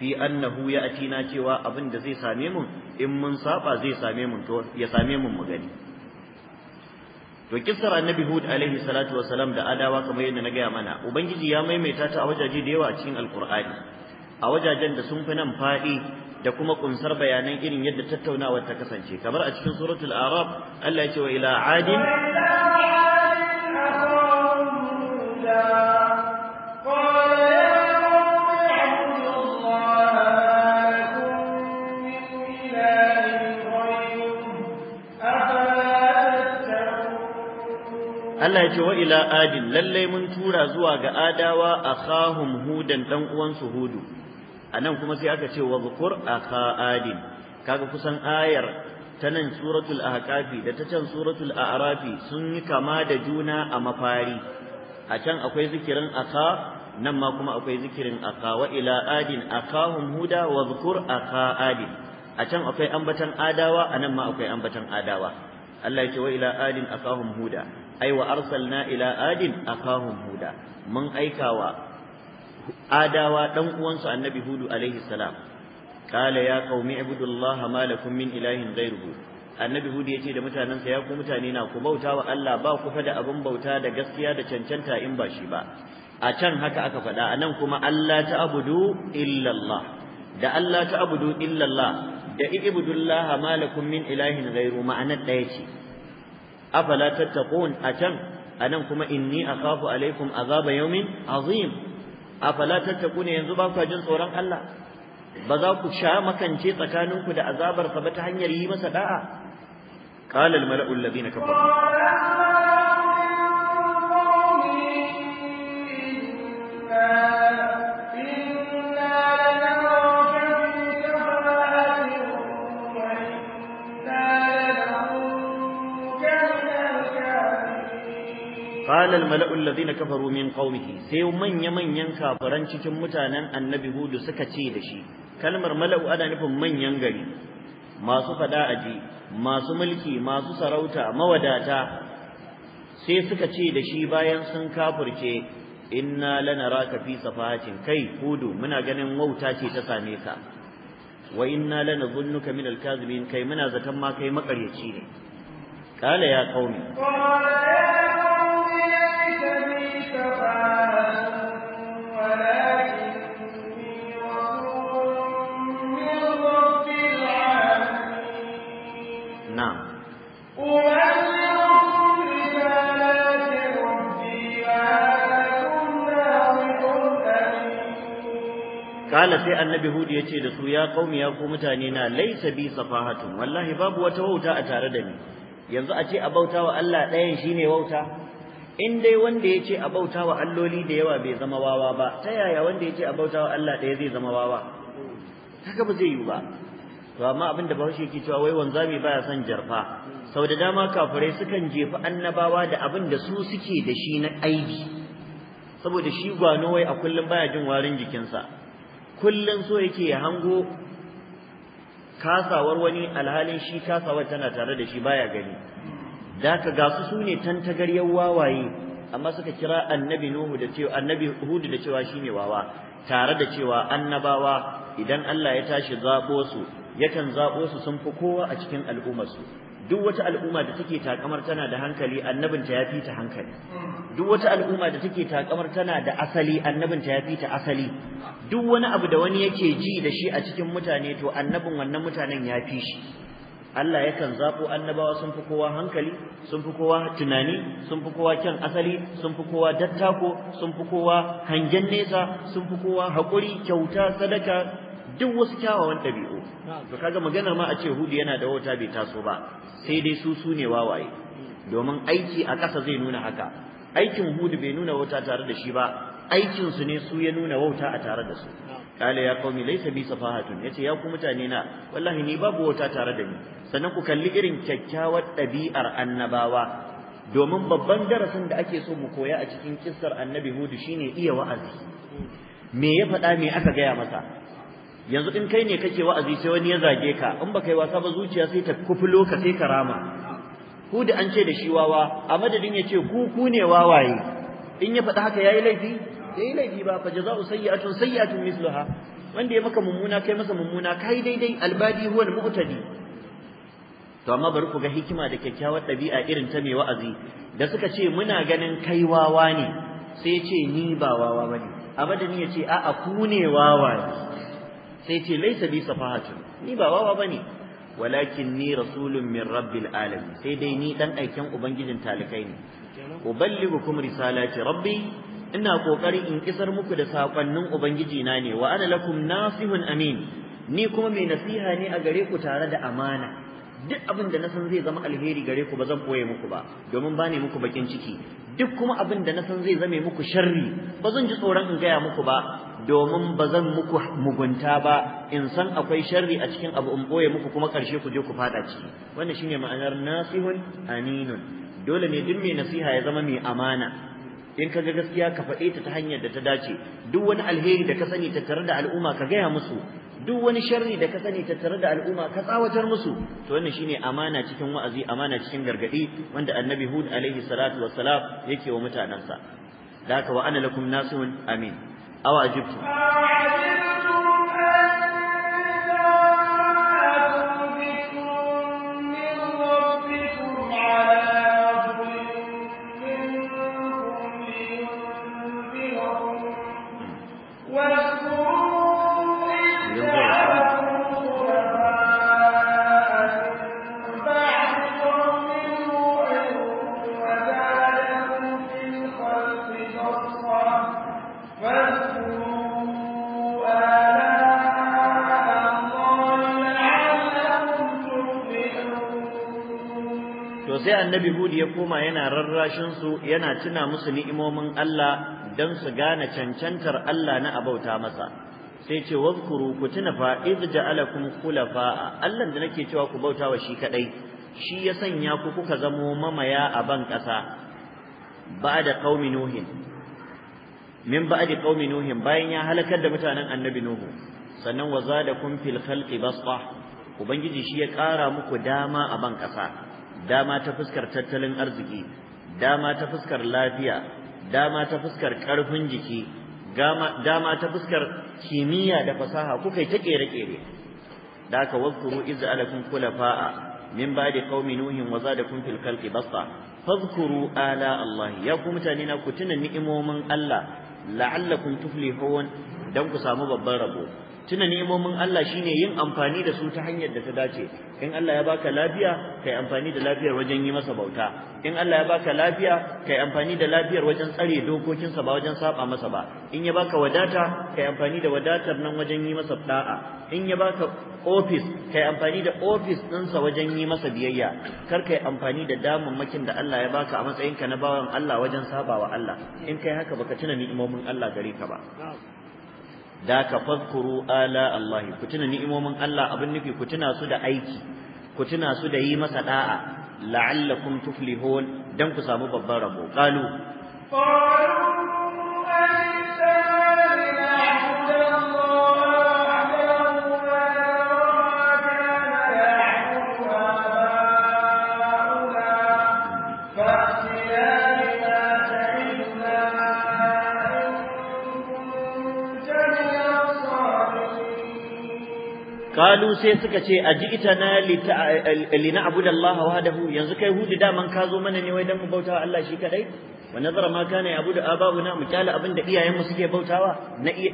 fi annahu ya atina cewa abin da zai same mu in mun saba zai same mu to ya same mu mu gani to kissar annabi hud alaihi salatu wasalam da adawa kamar yadda na gaya mana ubangiji ya maimaita ta a wajaje da yawa cikin alqur'ani a wajajen da sun fi nan fadi da kuma kunsar bayanan irin yadda tattaunawar ta kasance kamar a cikin suratul arab Allah ya ce wa ila adin Allah ya ce wa ila adin lallai mun tura zuwa ga adawa a kahun hudan ɗan uwansu hudu a nan kuma sai aka ce wa zukur akha adin kaga kusan ayar ta nan suratul a da ta can suratul a'rafi sun yi kama da juna a mafari a can akwai zikirin aka nan ma kuma akwai zikirin aka wa ila adin akahum huda wa zkur aka adin a can akwai ambatan adawa a nan ma akwai ambatan adawa Allah ya ce wa ila adin akahum huda ai wa arsalna ila adin akahum huda mun aikawa adawa dan uwansu annabi hudu alaihi salam قال يا قوم اعبدوا الله ما لكم من إله غيره annabi hudu ya ce da mutanensa ya ku mutane na ku bauta wa Allah ba ku fada abin bauta da gaskiya da cancanta in ba shi ba a can haka aka faɗa a nan kuma Allah ta abudu illallah da Allah ta abudu illallah da ibudullaha malakum min ilahin ghairu ma'anar ɗaya ce afala tattaqun a can a nan kuma inni akhafu alaikum azaba yawmin azim afala tattaquna yanzu ba ku jin tsoron Allah ba za ku sha makance tsakaninku da azabar sa ba ta hanyar yi masa da'a قال الملأ الذين كفروا قال sai manya manyan kafiran cikin mutanen annabi hudu suka ce da shi kalmar mala'u ana nufin manyan gari masu faɗa a ji. masu mulki masu sarauta mawadata sai suka ce da shi bayan sun kafurce inna lanaraka fi safahatin kai hudu muna ganin wauta ce ta same ka wa inna zunnuka min alkazibin kai muna zaton ma kai makaryaci ne قال ya قوم قال يا قوم Kala sai annabi Hudu ya ce da su ya kaumi ko ku mutane na laisa bi wallahi babu wata wauta a tare da ni yanzu a ce a bauta wa Allah ɗayan shine wauta in dai wanda ya ce a bauta alloli da yawa bai zama wawa ba ta yaya wanda ya ce a bauta wa Allah ɗaya zai zama wawa haka ba zai yiwu ba to amma abin da bahaushe yake cewa wai wanzami baya son jarfa sau da dama kafirai sukan jefi annabawa da abin da su suke da shi na aibi saboda shi gwano wai a kullum baya jin warin jikinsa kullum so yake ya hango kasawar wani alhalin shi kasawar tana tare da shi baya gani da ka ga su sune tantagar wawaye amma suka kira annabi nuhu da cewa annabi hud da cewa shine wawa tare da cewa annabawa idan Allah ya tashi zabo su yakan zaɓo su sun fi kowa a cikin al'ummarsu duk wata al'umma da take takamar tana da hankali annabinta ya fi ta hankali duk wata al'umma da take takamar tana da asali annabinta ya fi ta asali duk wani abu da wani yake ji da shi a cikin mutane to annabin wannan mutanen ya fi shi Allah yakan zaɓo annabawa sun fi kowa hankali sun fi kowa tunani sun fi kowa kyan asali sun fi kowa dattako sun fi kowa hangen nesa sun fi kowa haƙuri kyauta sadaka duk wasu kyawawan ɗabi'u to ga magana ma a ce hudu yana da wauta bai taso ba sai dai su su ne wawaye domin aiki a ƙasa zai nuna haka aikin hudu bai nuna wata tare da shi ba aikin su ne su ya nuna wauta a tare da su kale ya kawo laysa bi safahatun yace ya ku mutane na wallahi ni babu wata tare da ni sannan ku kalli irin kyakkyawar ɗabi'ar annabawa domin babban darasin da ake so mu koya a cikin kissar annabi hudu shine iya wa'azi hmm. me ya faɗa me aka gaya masa yanzu in kai ne kake wa'azi sai wani ya zage ka in baka yi wasa ba zuciya sai ta kufulo ka sai karama ku da an ce da shi wawa a madadin ya ce ku ku ne wawaye in ya faɗi haka yayi laifi yayi laifi ba fa jaza'u sayyi'atun sayyi'atun misluha wanda ya maka mummuna kai masa mummuna kai daidai albadi huwa al-mu'tadi to amma bari ku ga hikima da kyakkyawar ɗabi'a irin ta mai wa'azi da suka ce muna ganin kai wawa ne sai ya ce ni ba wawa bane a madadin ya ce a'a ku ne wawaye sai ce laisa bi safahatun ni ba wawa bane walakin ni rasulun min rabbil alamin sai dai ni dan aikin ubangijin talikai ne uballighukum risalati rabbi ina kokarin in kisar muku da sakonnin ubangiji na ne wa ana lakum nasihun amin ni kuma mai nasiha ne a gare ku tare da amana duk abin da na san zai zama alheri gare ku ba zan koye muku ba domin ba muku bakin ciki duk kuma abin da na san zai zame muku sharri ba zan ji tsoron in gaya muku ba domin ba zan muku mugunta ba in san akwai sharri a cikin abu in boye muku kuma ƙarshe ku je ku faɗa ciki wannan shine ma'anar nasihun aninun dole ne duk mai nasiha ya zama mai amana in ka ga gaskiya ka faɗe ta ta hanyar da ta dace duk wani alheri da ka sani tattare da al'umma ka gaya musu duk wani sharri da ka sani tattare da al'umma ka tsawatar musu to wannan shine amana cikin wa'azi amana cikin gargadi wanda annabi hud alaihi salatu wassalam yake wa mutanansa da haka wa ana lakum nasihun amin aw ajibtum annabi hudu ya koma yana rarrashin su yana tuna musu ni'imomin Allah dan su gane cancantar Allah na abauta masa sai ce wazkuru ku tuna fa iz ja'alakum khulafa'a Allah da nake cewa ku bauta wa shi kadai shi ya sanya ku kuka zamo mamaya a ban kasa ba'da qaumi nuhin min ba'di qaumi nuhin bayan ya halakar da mutanen annabi nuhu sannan wazadakum fil khalqi basqa ubangiji shi ya kara muku dama a ban kasa dama ta fuskar tattalin arziki dama ta fuskar lafiya dama ta fuskar ƙarfin jiki dama ta fuskar kimiyya da fasaha kuka yi ta ƙere-ƙere da aka wakuru iz alakum kulafa'a min da kaumi nuhin wa zadakum fil khalqi basta fadhkuru ala Allah ya ku mutane na ku tuna ni'imomin Allah la'allakum tuflihun dan ku samu babban rabo tuna ni'imomin Allah shine yin amfani da su ta hanyar da ta dace in Allah ya baka lafiya kai amfani da lafiyar wajen yi masa bauta in Allah ya baka lafiya kai amfani da lafiyar wajen tsare dokokinsa ba wajen saba masa ba in ya baka wadata kai amfani da wadatar nan wajen yi masa da'a in ya baka ofis kai amfani da ofis ɗinsa wajen yi masa biyayya kar kai amfani da makin da Allah ya baka a matsayinka na bawan Allah wajen saba wa Allah in kai haka baka tuna ni'imomin Allah gare ka ba da ka fadkuru ala Allah ku tuna ni'imomin Allah abin nufi ku tuna su da aiki ku tuna su da yi masa da'a la'allakum tuflihun dan ku samu babban rabo qalu qalu alaysa lana qalu sai suka ce ajitana li na'budu Allah wahdahu yanzu kai hudu daman ka zo mana ne wai dan mu bautawa Allah shi kadai wa nazara ma kana ya'budu ababuna mu kyala abin da iyayen mu suke bautawa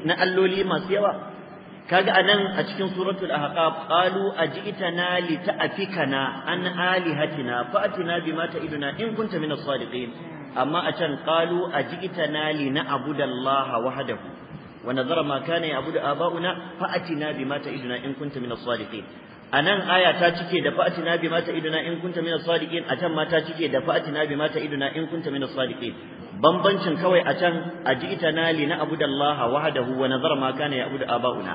na alloli masu yawa kaga anan a cikin suratul ahqaf qalu ajitana li ta'fikana an alihatina fa'atina bima ta'iduna in kunta minas sadiqin amma a can qalu ajitana li na'budu Allah wahdahu ونذر ما كان يعبد آباؤنا فأتنا بما تعدنا إن كنت من الصادقين anan aya ta cike da fa'atina bima iduna in kunta minas sadiqin a can ma ta cike da fa'atina bima iduna in kunta minas sadiqin bambancin kawai a can a na li na'budallaha wahdahu wa nazara ma kana ya'budu aba'una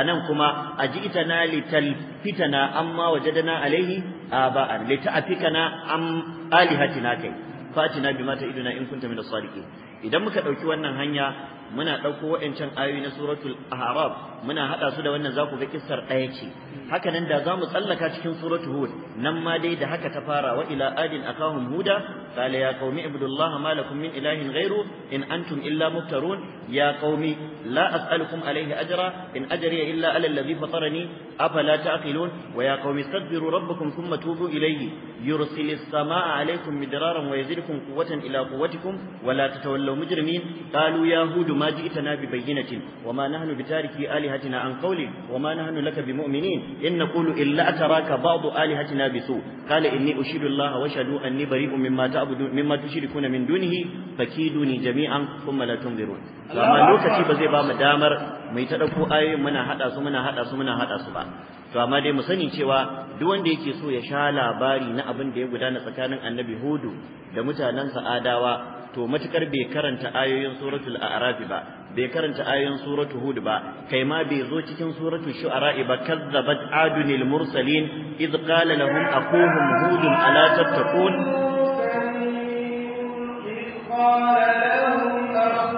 anan kuma a aji'tana li talfitana amma wajadana alaihi aba'an li ta'fikana am alihatina kai fa'atina bima iduna in kunta minas sadiqin idan muka dauki wannan hanya muna dauko wayancan ayoyi na suratul arab muna hada su da wannan zaku ga kissar daya ce haka nan da za mu tsallaka cikin suratul hud nan ma dai da haka ta fara wa ila adin akahum huda qala ya qaumi ibudullah ma lakum min ilahin ghairu in antum illa muftarun ya qaumi la as'alukum alayhi ajra in ajri illa ala alladhi fatarani afala taqilun wa ya qaumi istaghfiru rabbakum thumma tubu ilayhi yursilis samaa'a alaykum midraran wa yazidukum quwwatan ila quwwatikum wa la tatawallu تولوا مجرمين قالوا يا هود ما جئتنا ببينة وما نحن بتاركي آلهتنا عن قولي وما نحن لك بمؤمنين إن نقول إلا أتراك بعض آلهتنا بسوء قال إني أشهد الله واشهدوا أني بريء مما تعبدون مما تشركون من دونه فكيدوني جميعا ثم لا تنظرون فما لوكتي بزي بام دامر ميتدقوا آي منا حدا سمنا حدا سمنا حدا سبا to amma dai mu sani cewa duk wanda yake so ya sha labari na abin da ya gudana tsakanin annabi hudu da mutanen Sa'adawa, to matukar bai karanta ayoyin suratul Arafi ba bai karanta ayoyin suratul hud ba kai ma bai zo cikin suratul shu'ara ba kazzabat adunil mursalin id qala lahum aquhum hud ala tattaqun qala lahum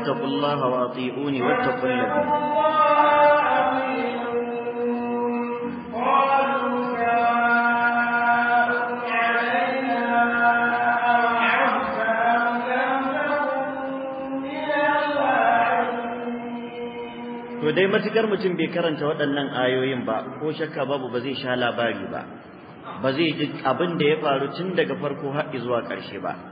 واتقوا الله وأطيعوني واتقوا الله dai matukar mutum bai karanta waɗannan ayoyin ba, ko shakka babu ba zai sha labari ba, ba zai ji abin da ya faru tun daga farko har zuwa ƙarshe ba.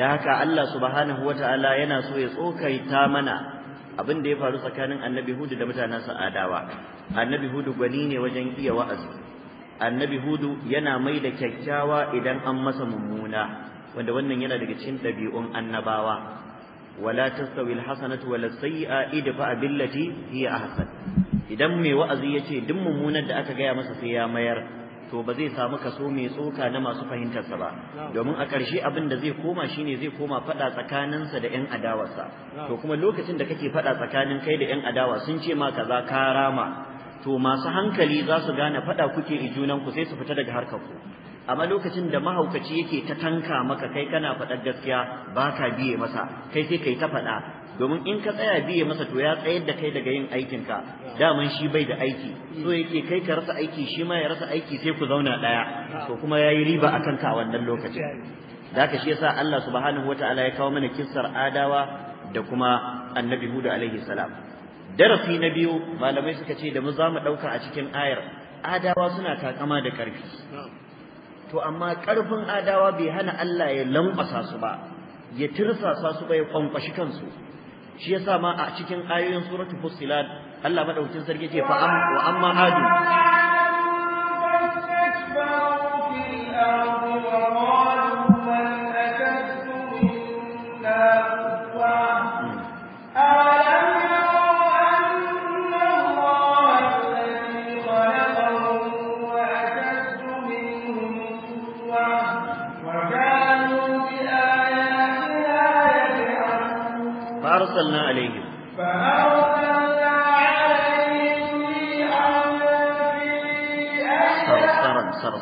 da haka Allah subhanahu wataala yana so ya tsokaita mana abin da ya faru tsakanin annabi hudu da mutanen sa'adawa annabi hudu gwani ne wajen iya wa'azi annabi hudu yana mai da kyakkyawa idan an masa mummuna wanda wannan yana daga cikin ɗabi'un annabawa wala tastawi alhasanatu wala sayyi'a idfa billati hiya ahsan idan mai wa'azi yace duk mummunar da aka gaya masa sai ya mayar to ba zai samu kaso mai tsoka na masu fahimtarsa ba domin a ƙarshe abin da zai koma shine zai koma faɗa tsakaninsa da 'yan adawarsa to kuma lokacin da kake faɗa tsakanin kai da 'yan adawa sun ce ma kaza ka rama to masu hankali za su gane faɗa kuke i junanku sai su fita daga harkar ku amma lokacin da mahaukaci yake ta tanka maka kai kana faɗar gaskiya ba ka biye masa kai sai kai ta faɗa domin in ka tsaya biye masa to ya tsayar da kai daga yin aikin ka daman shi bai da aiki so yake kai ka rasa aiki shi ma ya rasa aiki sai ku zauna daya to kuma yayi riba akan ka a wannan lokacin zaka shi yasa Allah subhanahu wataala ya kawo mana kissar adawa da kuma annabi Hud alaihi salam darasi na biyu malamai suka ce da mu za mu dauka a cikin ayar adawa suna takama da karfi to amma karfin adawa bai hana Allah ya lankwasa su ba ya tirsasa su ba ya kwankwashi kansu shi yasa ma a cikin ayoyin suratul fussilat Allah maɗaukin sarki ce fa amma wa amma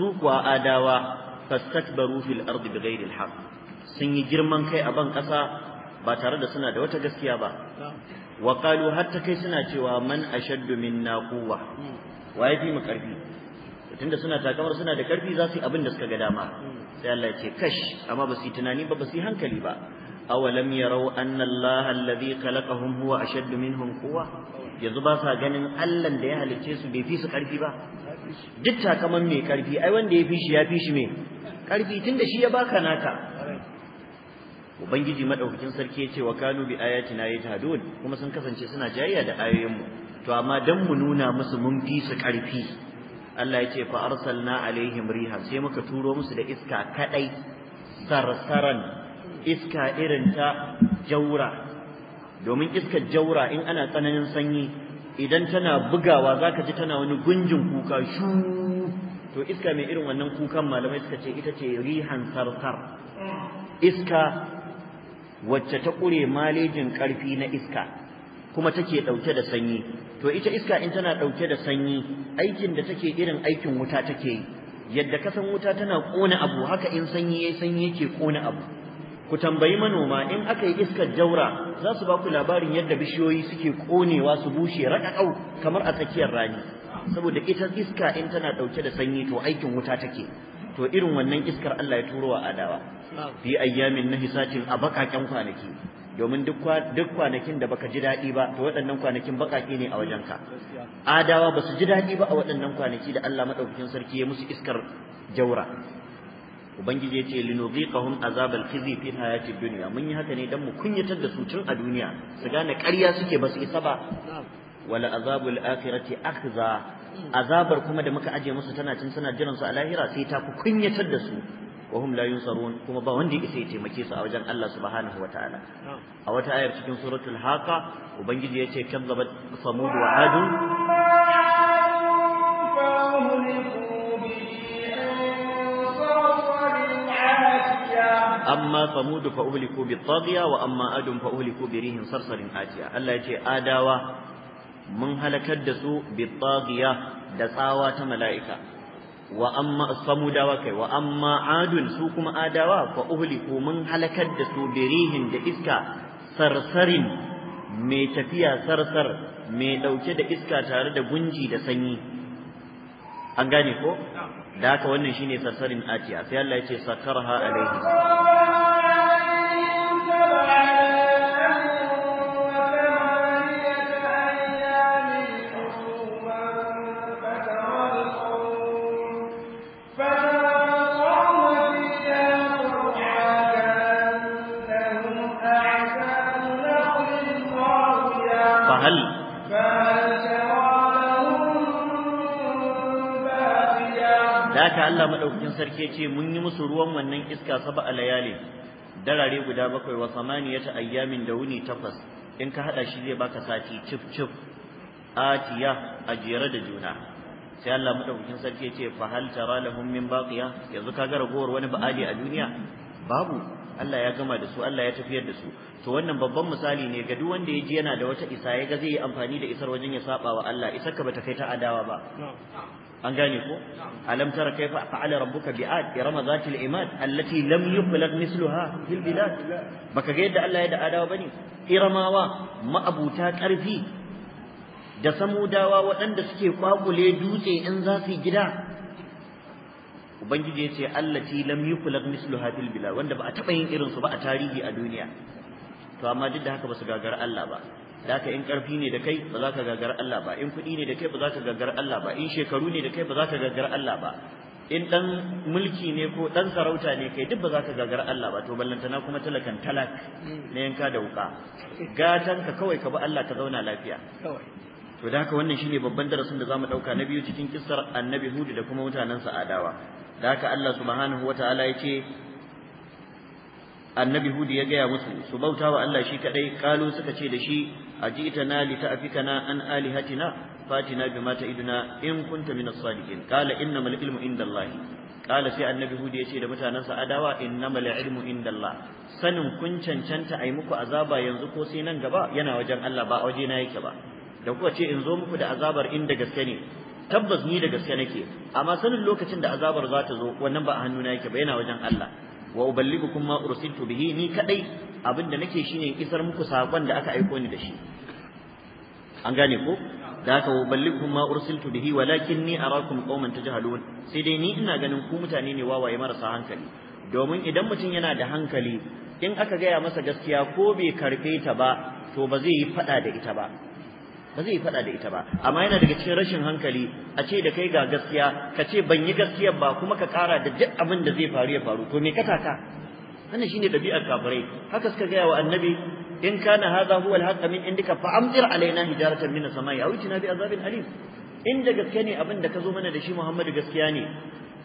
su kuwa adawa fastakbaru fil ardi bighairi alhaq sun yi girman kai a ban kasa ba tare da suna da wata gaskiya ba wa qalu hatta kai suna cewa man ashaddu minna quwwa wa fi mu karfi tunda suna takamar suna da karfi za su yi abin da suka ga dama sai Allah ya ce kash amma ba su yi tunani ba ba su yi hankali ba awalam yarau anna Allah alladhi khalaqahum huwa ashaddu minhum quwwa yanzu ba sa ganin Allah da ya halicce su bai fi su karfi ba duk takaman mai karfi ai wanda ya fi shi ya fi shi mai karfi tunda shi ya baka naka ubangiji madaukakin sarki ya ce wa kanu bi ayatina yajhadun kuma sun kasance suna jayayya da ayoyin mu to amma dan mu nuna musu mun fi su karfi Allah yace ce fa arsalna alaihim rihan sai muka turo musu da iska kadai sarsaran iska irin ta jaura domin iskar jaura in ana tsananin sanyi idan tana bugawa zaka ji tana wani gunjin kuka shu to iska mai irin wannan kukan malamai suka ce ita ce rihan sarkar iska wacce ta ƙure malejin ƙarfi na iska kuma take ɗauke da sanyi to ita iska in tana ɗauke da sanyi aikin da take irin aikin wuta take yi yadda kasan wuta tana ƙona abu haka in sanyi yayi sanyi yake ƙona abu ku tambayi manoma in aka yi iskar jaura za su ba ku labarin yadda bishiyoyi suke konewa su bushe raƙaƙau kamar a tsakiyar rani saboda ita iska in tana ɗauke da sanyi to aikin wuta take to irin wannan iskar Allah ya turo wa adawa Bi ayyamin nahisatin a baƙaƙen kwanaki domin duk kwanakin da baka ji daɗi ba to waɗannan kwanakin bakake ne a wajenka adawa ba su ji daɗi ba a waɗannan kwanaki da Allah madaukakin sarki ya musu iskar jaura ubangiji ya ce linuziqahum azabal khizi fil hayatid dunya mun yi haka ne dan mu kunyatar da su tun a duniya su gane ƙarya suke basu isa ba wala azabul akhirati akhza azabar kuma da muka aje musu tana cin suna jiran su a lahira sai ta ku kunyatar da su wa hum la yunsarun kuma ba wanda yake sai taimake su a wajen Allah subhanahu Ta'ala a wata ayar cikin suratul haqa ubangiji ya ce kazzabat samud wa adun فأهلكوا به أنصارا amma samud fa uhliku bi taghiya wa amma adun fa uhliku bi rihin sarsarin atiya Allah yace adawa mun halakar da su bi taghiya da tsawa ta mala'ika wa amma samudawa kai wa amma adun su kuma adawa fa uhliku mun halakar da su bi rihin da iska sarsarin mai tafiya sarsar mai dauke da iska tare da gunji da sanyi an gane ko da haka wannan shine sarsarin atiya sai Allah ya ce sakarha alaihi sarki yace mun yi musu ruwan wannan iska saba a layali darare guda bakwai wa samaniyata ayyamin da wuni takwas in ka hada shi zai baka sati cif cif atiya jere da juna sai Allah madaukakin sarki ce fa hal tara lahum min baqiya yanzu ka ga ragowar wani ba'adi a duniya babu Allah ya gama da su Allah ya tafiyar da su to wannan babban misali ne ga duk wanda ya ji yana da wata isa ya ga zai yi amfani da isar wajen ya saba wa Allah isar ka bata kai ta adawa ba an gane ko alam tara kaifa fa'ala rabbuka bi'ad irama zatil imad allati lam yukhlaq misluha fil bilad baka ga yadda Allah ya da adawa bane iramawa ma'abuta karfi da samudawa waɗanda suke kwakule dutse in za su gida ubangiji ya ce allati lam yukhlaq misluha fil bilad wanda ba a taba yin irin su ba a tarihi a duniya to amma duk da haka ba su gagar Allah ba da ka in karfi ne da kai ba za ka gagar Allah ba in kuɗi ne da kai ba za ka gagar Allah ba in shekaru ne da kai ba za ka gagar Allah ba in dan mulki ne ko dan sarauta ne kai duk ba za ka gagar Allah ba to ballantana kuma talakan talak hmm. ne yanka da wuka gatan ka kawai ka bi Allah ka zauna lafiya to da haka wannan shine babban darasin da zamu ɗauka na biyu cikin kissar annabi hudu, da kuma mutanansa adawa da haka Allah subhanahu wataala yace annabi hudu ya gaya musu su bauta wa Allah shi kadai kalu suka ce da shi ajitana li ta'fikana an alihatina fatina bima ta'iduna in kunta minas sadiqin qala innamal ilmu indallahi qala sai annabi hudu ya ce da mutanen sa adawa innamal ilmu indallah sanin kun cancanta ai muku azaba yanzu ko sai nan gaba yana wajen Allah ba waje na yake ba da kuka ce in zo muku da azabar inda gaske ne tabbas ni da gaske nake amma sanin lokacin da azabar za ta zo wannan ba a hannuna yake ba yana wajen Allah wa uballigukum ma ursiltu bihi ni kadai abinda nake shine isar muku sakon da aka aiko ni da shi an gane ko da ka uballigukum ma ursiltu bihi walakinni arakum qauman tajhalun sai dai ni ina ganin ku mutane ne wawaye marasa hankali domin idan mutum yana da hankali in aka gaya masa gaskiya ko bai karfe ta ba to ba zai yi fada da ita ba ba zai faɗa da ita ba amma yana daga cikin rashin hankali a ce da kai ga gaskiya ka ce ban yi gaskiyar ba kuma ka ƙara da duk abin da zai faru ya faru to me ka taka wannan shine ɗabi'ar kafirai haka suka gaya wa annabi in kana hadha huwa al-haqq min indika fa amtir alaina hijaratan min as-samai aw itina bi azabin alim in da gaske ne abin da ka zo mana da shi Muhammadu gaskiya ne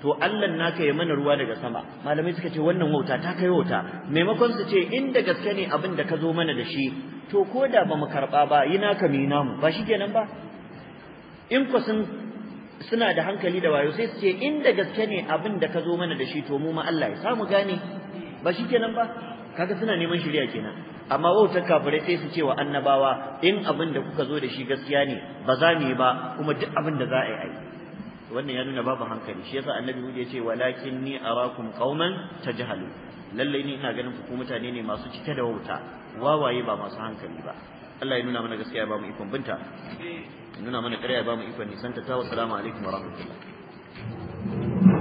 to Allah naka ya mana ruwa daga sama malamai suka ce wannan wauta ta kai wauta maimakon su ce in da gaske ne abin da ka zo mana da shi to ko da ba mu karba ba yi naka mu yi namu ba shi nan ba in ku suna da hankali da wayo sai su ce da gaske ne abin da ka zo mana da shi to mu ma Allah ya samu gane ba shi nan ba kaga suna neman shirya kenan amma wautar kafirai sai su ce wa annabawa in abin da kuka zo da shi gaskiya ne ba za mu yi ba kuma duk abin da za a yi ai wannan ya nuna babu hankali shi yasa annabi Hud ya ce walakin ni arakum qauman tajhalu lalle ni ina ganin ku mutane ne masu cike da wauta wawaye ba masu hankali ba Allah ya nuna mana gaskiya ba mu ikon binta ya nuna mana ƙarya ba mu ikon nisanta ta wa salamu alaikum wa rahmatullah